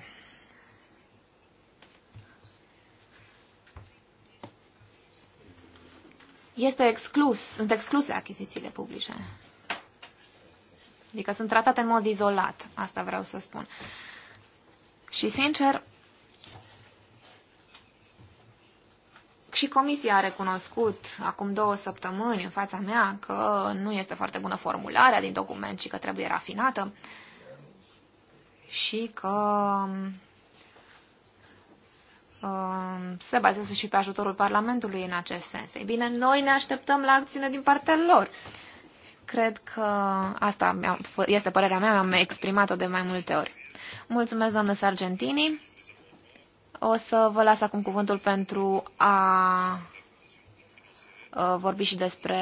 este exclus, sunt excluse achizițiile publice. Adică sunt tratate în mod izolat, asta vreau să spun. Și sincer, și comisia a recunoscut acum două săptămâni în fața mea că nu este foarte bună formularea din document și că trebuie rafinată și că Um, se bazează și pe ajutorul Parlamentului în acest sens. Ei bine, noi ne așteptăm la acțiune din partea lor. Cred că asta este părerea mea, am exprimat-o de mai multe ori. Mulțumesc, doamnă Sargentini. O să vă las acum cuvântul pentru a vorbi și despre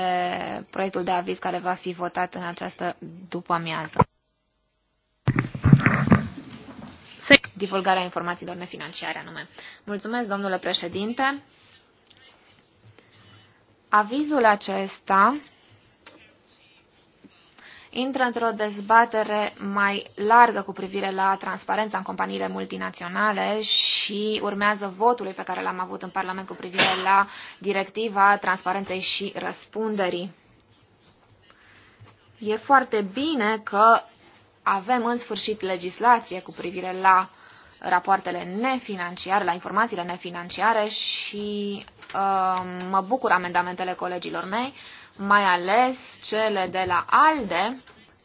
proiectul de aviz care va fi votat în această după amiază. divulgarea informațiilor nefinanciare anume. Mulțumesc, domnule președinte. Avizul acesta intră într-o dezbatere mai largă cu privire la transparența în companiile multinaționale și urmează votului pe care l-am avut în Parlament cu privire la directiva transparenței și răspunderii. E foarte bine că avem în sfârșit legislație cu privire la rapoartele nefinanciare, la informațiile nefinanciare și uh, mă bucur amendamentele colegilor mei, mai ales cele de la ALDE,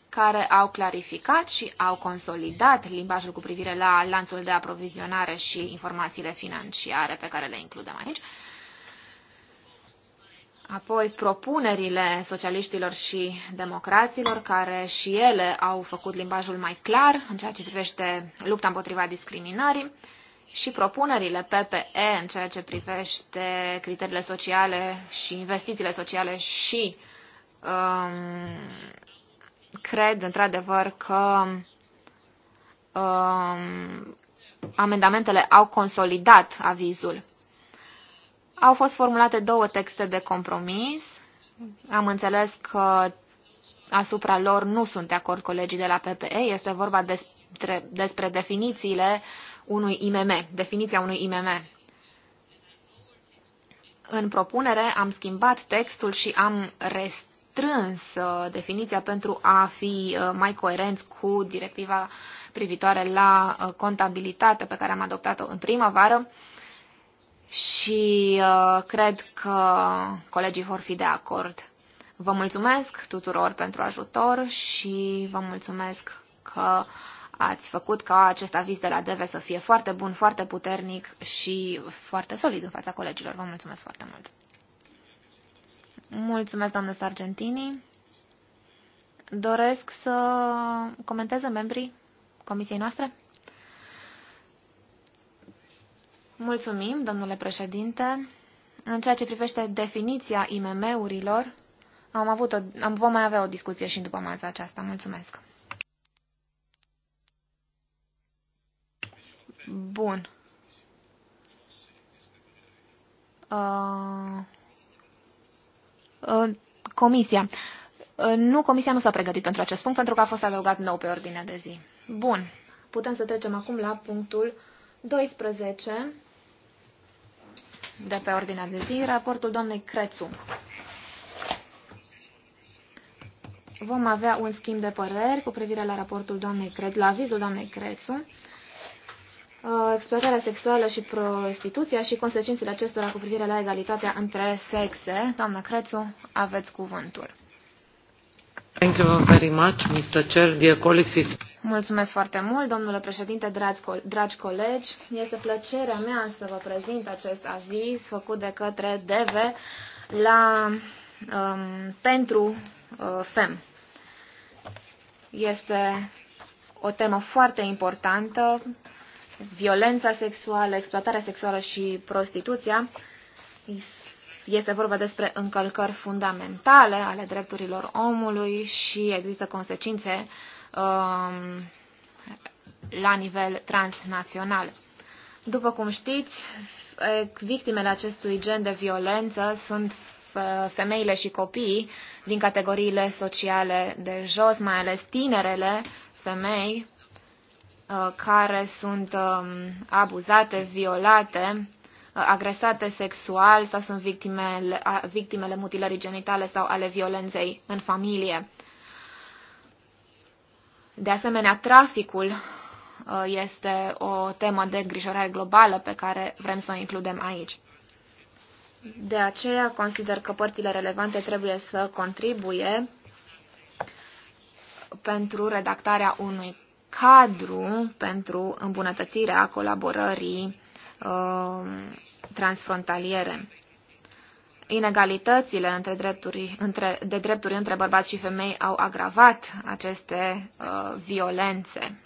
care au clarificat și au consolidat limbajul cu privire la lanțul de aprovizionare și informațiile financiare pe care le includem aici. Uh, Apoi propunerile socialiștilor și democraților, care și ele au făcut limbajul mai clar în ceea ce privește lupta împotriva discriminării și propunerile PPE în ceea ce privește criteriile sociale și investițiile sociale și um, cred într-adevăr că um, amendamentele au consolidat avizul. Au fost formulate două texte de compromis. Am înțeles că asupra lor nu sunt de acord colegii de la PPE. Este vorba despre, despre definițiile unui IMM, definiția unui IMM. În propunere am schimbat textul și am restrâns uh, definiția pentru a fi uh, mai coerenți cu directiva privitoare la uh, contabilitate pe care am adoptat-o în primăvară și uh, cred că colegii vor fi de acord. Vă mulțumesc tuturor pentru ajutor și vă mulțumesc că ați făcut ca acest aviz de la DEVE să fie foarte bun, foarte puternic și foarte solid în fața colegilor. Vă mulțumesc foarte mult! Mulțumesc, doamnă Sargentini. Doresc să comenteze membrii comisiei noastre? Mulțumim, domnule președinte. În ceea ce privește definiția IMM-urilor, am avut o, am, vom mai avea o discuție și după maza aceasta. Mulțumesc. Bun. Uh, uh, comisia. Uh, nu, comisia nu s-a pregătit pentru acest punct, pentru că a fost adăugat nou pe ordinea de zi. Bun. Putem să trecem acum la punctul 12 de pe ordinea de zi, raportul doamnei Crețu. Vom avea un schimb de păreri cu privire la raportul doamnei Crețu, la avizul doamnei Crețu, uh, exploatarea sexuală și prostituția și consecințele acestora cu privire la egalitatea între sexe. Doamna Crețu, aveți cuvântul. Thank you very much, Mr. Chair, dear colleagues. Mulțumesc foarte mult, domnule președinte, dragi, co dragi colegi. Este plăcerea mea să vă prezint acest aviz făcut de către DV la, um, pentru uh, FEM. Este o temă foarte importantă, violența sexuală, exploatarea sexuală și prostituția este vorba despre încălcări fundamentale ale drepturilor omului și există consecințe um, la nivel transnațional. După cum știți, victimele acestui gen de violență sunt uh, femeile și copiii din categoriile sociale de jos, mai ales tinerele femei uh, care sunt um, abuzate, violate agresate sexual sau sunt victimele, victimele mutilării genitale sau ale violenței în familie. De asemenea, traficul uh, este o temă de îngrijorare globală pe care vrem să o includem aici. De aceea consider că părțile relevante trebuie să contribuie pentru redactarea unui cadru pentru îmbunătățirea colaborării Um, transfrontaliere. Inegalitățile între drepturi, între, de drepturi între bărbați și femei au agravat aceste uh, violențe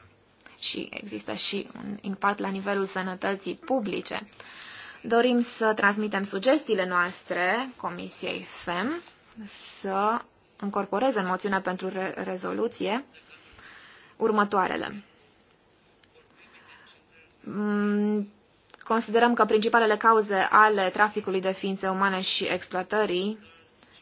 și există și un impact la nivelul sănătății publice. Dorim să transmitem sugestiile noastre Comisiei FEM să incorporeze în moțiunea pentru rezoluție următoarele. Mm, Considerăm că principalele cauze ale traficului de ființe umane și exploatării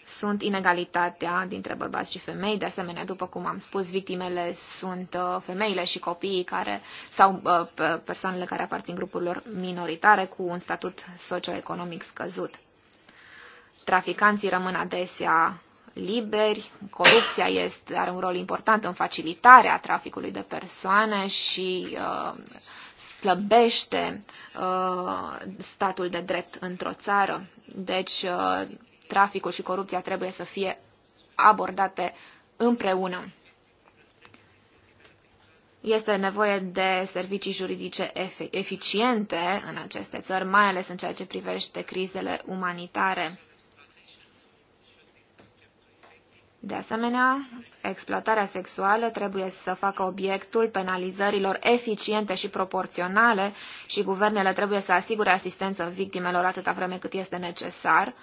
sunt inegalitatea dintre bărbați și femei. De asemenea, după cum am spus, victimele sunt uh, femeile și copiii care, sau uh, persoanele care aparțin grupurilor minoritare cu un statut socioeconomic scăzut. Traficanții rămân adesea liberi, corupția este, are un rol important în facilitarea traficului de persoane și uh, slăbește uh, statul de drept într-o țară. Deci, uh, traficul și corupția trebuie să fie abordate împreună. Este nevoie de servicii juridice eficiente în aceste țări, mai ales în ceea ce privește crizele umanitare. De asemenea, exploatarea sexuală trebuie să facă obiectul penalizărilor eficiente și proporționale și guvernele trebuie să asigure asistență victimelor atâta vreme cât este necesar,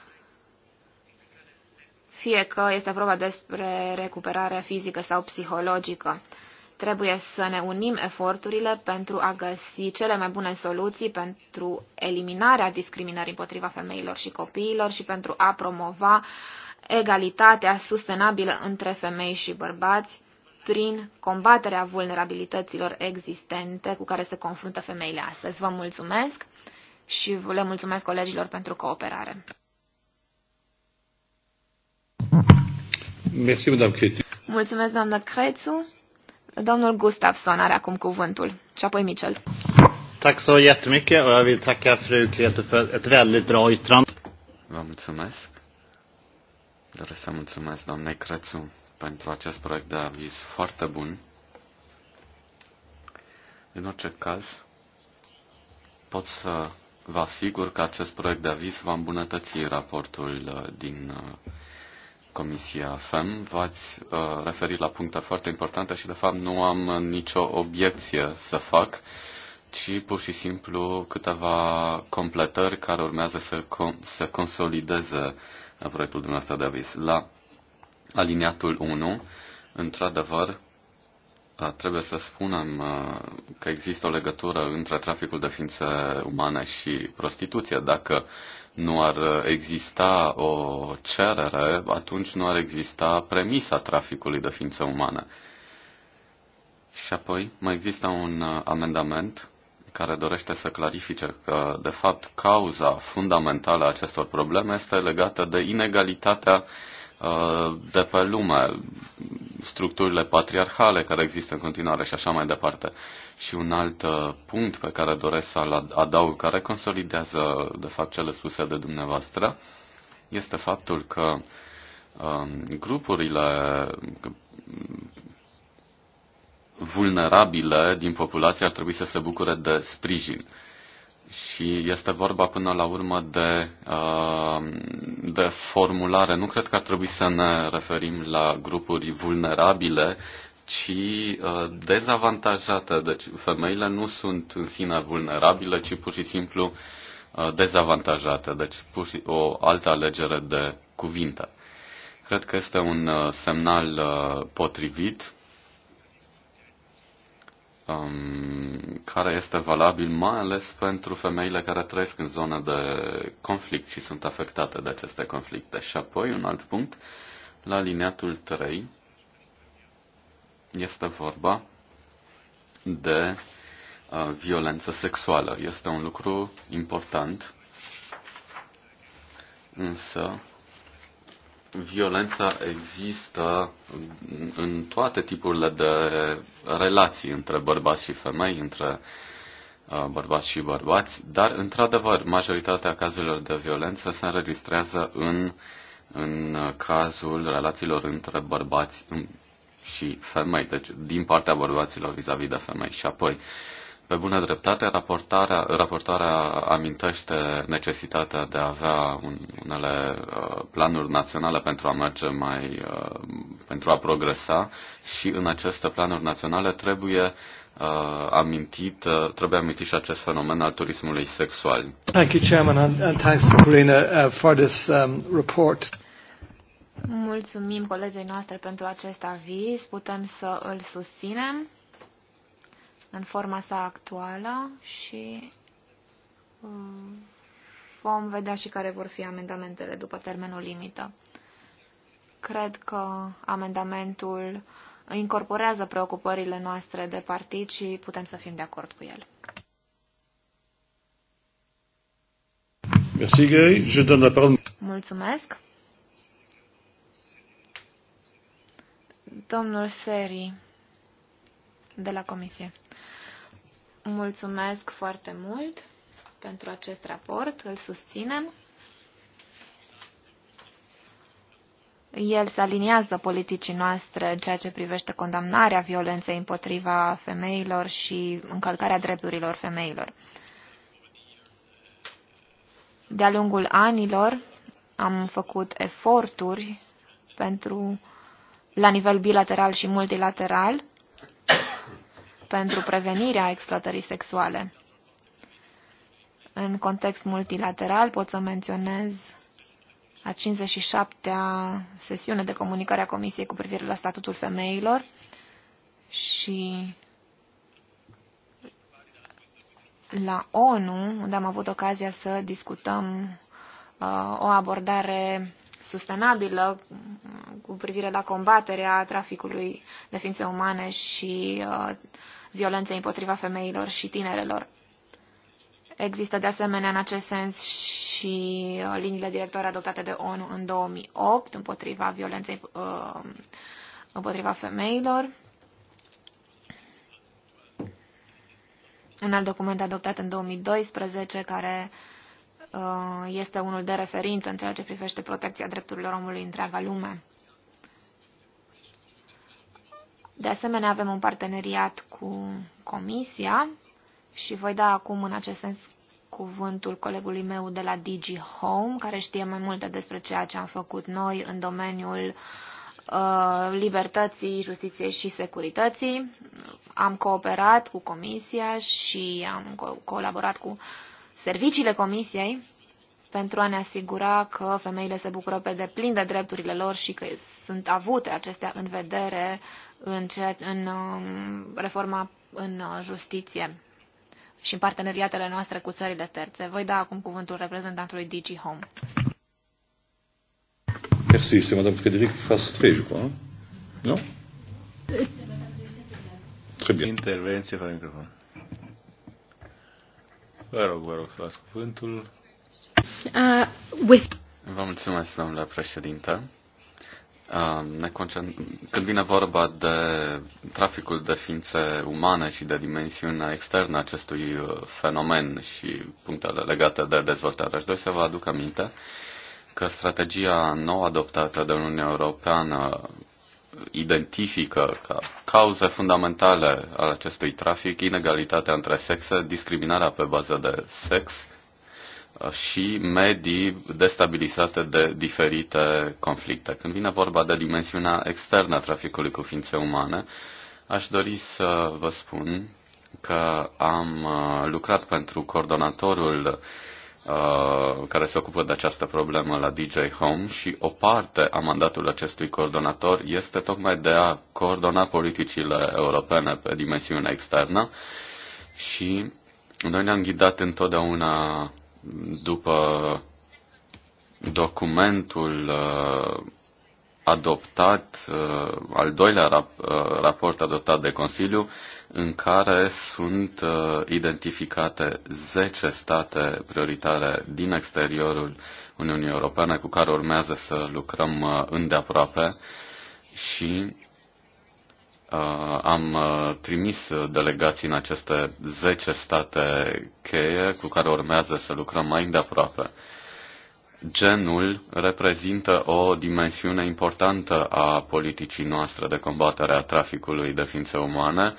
fie că este vorba despre recuperare fizică sau psihologică. Trebuie să ne unim eforturile pentru a găsi cele mai bune soluții pentru eliminarea discriminării împotriva femeilor și copiilor și pentru a promova uh, egalitatea sustenabilă între femei și bărbați prin combaterea vulnerabilităților existente cu care se confruntă femeile astăzi. Vă mulțumesc și le mulțumesc colegilor pentru cooperare. Merci, Mulțumesc, doamnă Crețu. Domnul Gustafsson are acum cuvântul și apoi Michel. Tack så jättemycket och jag vill tacka fru Kretu för ett väldigt bra yttrande. Vă mulțumesc. Doresc să mulțumesc doamnei Crețu pentru acest proiect de aviz foarte bun. În orice caz, pot să vă asigur că acest proiect de aviz va îmbunătăți raportul uh, din uh, Comisia FEM. V-ați uh, referit la puncte foarte importante și, de fapt, nu am nicio obiecție să fac, ci pur și simplu câteva completări care urmează să, com- să consolideze proiectul dumneavoastră de avis. La aliniatul 1, într-adevăr, trebuie să spunem că există o legătură între traficul de ființe umane și prostituția. Dacă nu ar exista o cerere, atunci nu ar exista premisa traficului de ființe umane. Și apoi mai există un amendament care dorește să clarifice că, de fapt, cauza fundamentală a acestor probleme este legată de inegalitatea uh, de pe lume, structurile patriarhale care există în continuare și așa mai departe. Și un alt uh, punct pe care doresc să-l adaug, care consolidează, de fapt, cele spuse de dumneavoastră, este faptul că um, grupurile vulnerabile din populație ar trebui să se bucure de sprijin. Și este vorba până la urmă de, uh, de formulare. Nu cred că ar trebui să ne referim la grupuri vulnerabile, ci uh, dezavantajate. Deci femeile nu sunt în sine vulnerabile, ci pur și simplu uh, dezavantajate. Deci pur și, o altă alegere de cuvinte. Cred că este un semnal potrivit um, care este valabil mai ales pentru femeile care trăiesc în zone de conflict și sunt afectate de aceste conflicte. Și apoi, un alt punct, la liniatul 3 este vorba de uh, violență sexuală. Este un lucru important, însă violența există în toate tipurile de relații între bărbați și femei, între uh, bărbați și bărbați, dar, într-adevăr, majoritatea cazurilor de violență se înregistrează în, în cazul relațiilor între bărbați și femei, deci din partea bărbaților vis-a-vis -vis de femei. Și apoi, uh, pe bună dreptate, raportarea, raportarea amintește necesitatea de a avea un, unele uh, planuri naționale pentru a merge mai, uh, pentru a progresa și în aceste planuri naționale trebuie uh, amintit, trebuie amintit și acest fenomen al turismului sexual. Thank you, Chairman, and, thanks, Corina, for this um, report. Mulțumim colegei noastre pentru acest aviz. Putem să îl susținem în forma sa actuală și mm, vom vedea și care vor fi amendamentele după termenul limită. Cred că amendamentul incorporează preocupările noastre de partid și putem să fim de acord cu el. Merci, Je donne la parole. Mulțumesc. Domnul Seri, de la Comisie. Mulțumesc foarte mult pentru acest raport, îl susținem. El se aliniază politicii noastre în ceea ce privește condamnarea violenței împotriva femeilor și încălcarea drepturilor femeilor. De-a lungul anilor am făcut eforturi pentru, la nivel bilateral și multilateral pentru prevenirea exploatării sexuale. În context multilateral pot să menționez a 57-a sesiune de comunicare a Comisiei cu privire la statutul femeilor și la ONU, unde am avut ocazia să discutăm uh, o abordare sustenabilă cu privire la combaterea traficului de ființe umane și uh, violenței împotriva femeilor și tinerelor. Există de asemenea în acest sens și uh, liniile directoare adoptate de ONU în 2008 împotriva violenței uh, împotriva femeilor. Un alt document adoptat în 2012 care Uh, este unul de referință în ceea ce privește protecția drepturilor omului întreaga lume. De asemenea, avem un parteneriat cu Comisia și voi da acum în acest sens cuvântul colegului meu de la Digi Home, care știe mai multe despre ceea ce am făcut noi în domeniul uh, libertății, justiției și securității. Am cooperat cu Comisia și am co- colaborat cu uh, serviciile comisiei pentru a ne asigura că femeile se bucură pe deplin de drepturile lor și că sunt avute acestea în vedere în, ce, în um, reforma în uh, justiție și în parteneriatele noastre cu țările terțe. Voi da acum cuvântul reprezentantului DG Home. Merci, c'est Madame Frédéric Fastré, je crois. Non? Très bien. Intervenție fără microfon. Vă rog, vă rog să luați cuvântul. Uh, with... Vă mulțumesc, domnule președinte. Uh, ne concent... Când vine vorba de traficul de ființe umane și de dimensiunea externă a acestui uh, fenomen și punctele legate de dezvoltare, aș dori să vă aduc aminte că strategia nouă adoptată de Uniunea Europeană identifică ca cauze fundamentale al acestui trafic inegalitatea între sexe, discriminarea pe bază de sex uh, și medii destabilizate de diferite conflicte. Când vine vorba de dimensiunea externă a traficului cu ființe umane, aș dori să vă spun că am uh, lucrat pentru coordonatorul uh, Uh, care se ocupă de această problemă la DJ Home și o parte a mandatului acestui coordonator este tocmai de a coordona politicile europene pe dimensiunea externă și noi ne-am ghidat întotdeauna după documentul uh, adoptat, uh, al doilea rap- uh, raport adoptat de Consiliu, în care sunt uh, identificate 10 state prioritare din exteriorul Uniunii Europene cu care urmează să lucrăm îndeaproape și am trimis delegații în aceste 10 state cheie cu care urmează să lucrăm mai îndeaproape genul reprezintă o dimensiune importantă a politicii noastre de combatere a traficului de ființe umane.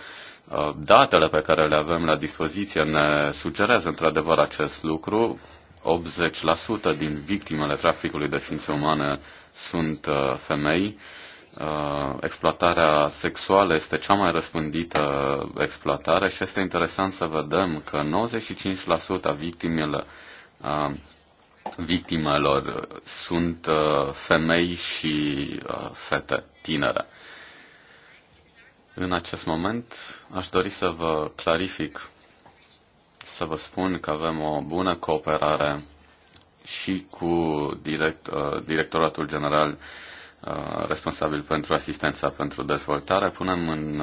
Uh, datele pe care le avem la dispoziție ne sugerează într-adevăr acest lucru. 80% din victimele traficului de ființe umane sunt uh, femei. Uh, exploatarea sexuală este cea mai răspândită exploatare și este interesant să vedem că 95% a victimele victimelor sunt uh, femei și uh, fete tinere. În acest moment aș dori să vă clarific, să vă spun că avem o bună cooperare și cu direct, uh, directoratul general responsabil pentru asistența pentru dezvoltare. Punem în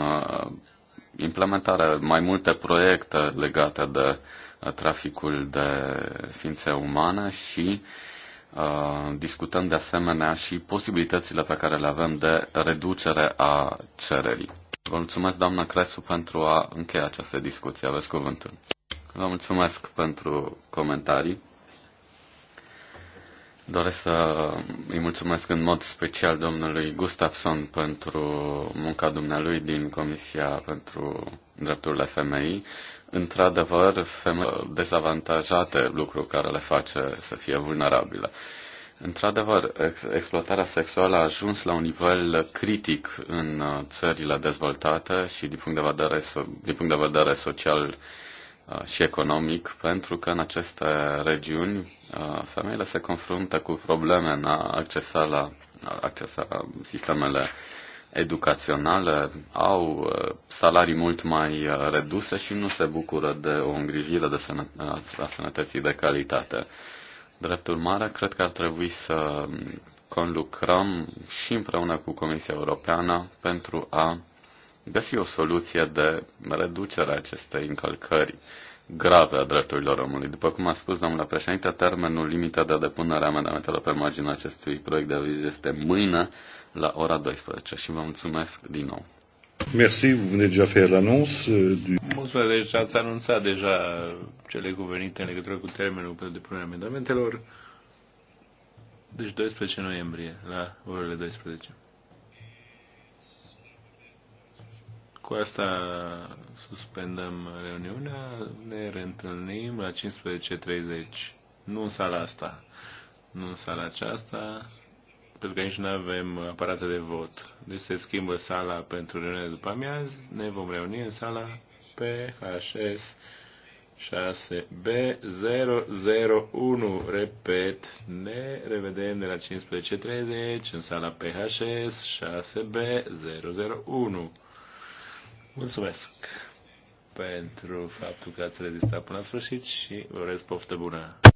implementare mai multe proiecte legate de uh, traficul de ființe umane și uh, discutăm de asemenea și posibilitățile pe care le avem de reducere a cererii. Vă mulțumesc, doamnă Crețu, pentru a încheia această discuție. Aveți cuvântul. Vă mulțumesc pentru comentarii. Doresc să îi mulțumesc în mod special domnului Gustafsson pentru munca dumnealui din Comisia pentru Drepturile Femeii. Într-adevăr, femei dezavantajate, lucru care le face să fie vulnerabile. Într-adevăr, ex- exploatarea sexuală a ajuns la un nivel critic în uh, țările dezvoltate și din punct de vedere, so- din punct de vedere social Uh, și economic, pentru că în aceste regiuni uh, femeile se confruntă cu probleme în a accesa la accesa sistemele educaționale, au uh, salarii mult mai reduse și nu se bucură de o îngrijire de sănă, a sănătății de calitate. Drept urmare, cred că ar trebui să conlucrăm și împreună cu Comisia Europeană pentru a găsi o soluție de reducere a acestei încălcări grave a drepturilor omului. După cum a spus domnul președinte, termenul limită de depunere a amendamentelor pe marginea acestui proiect de aviz este mâine la ora 12 și vă mulțumesc din nou. Merci, vous venez déjà faire l'annonce euh, du... Mulțumesc, deci ați anunțat deja cele cuvenite în legătură cu termenul pentru depunerea amendamentelor. Deci 12 noiembrie, la orele 12. Cu asta suspendăm reuniunea, ne reîntâlnim la 15.30, nu în sala asta, nu în sala aceasta, pentru că aici nu avem aparate de vot. Deci se schimbă sala pentru reuniunea după amiază, ne vom reuni în sala PHS 6B001. Repet, ne revedem de la 15.30 în sala PHS 6B001. Mulțumesc pentru faptul că ați rezistat până la sfârșit și vă urez poftă bună.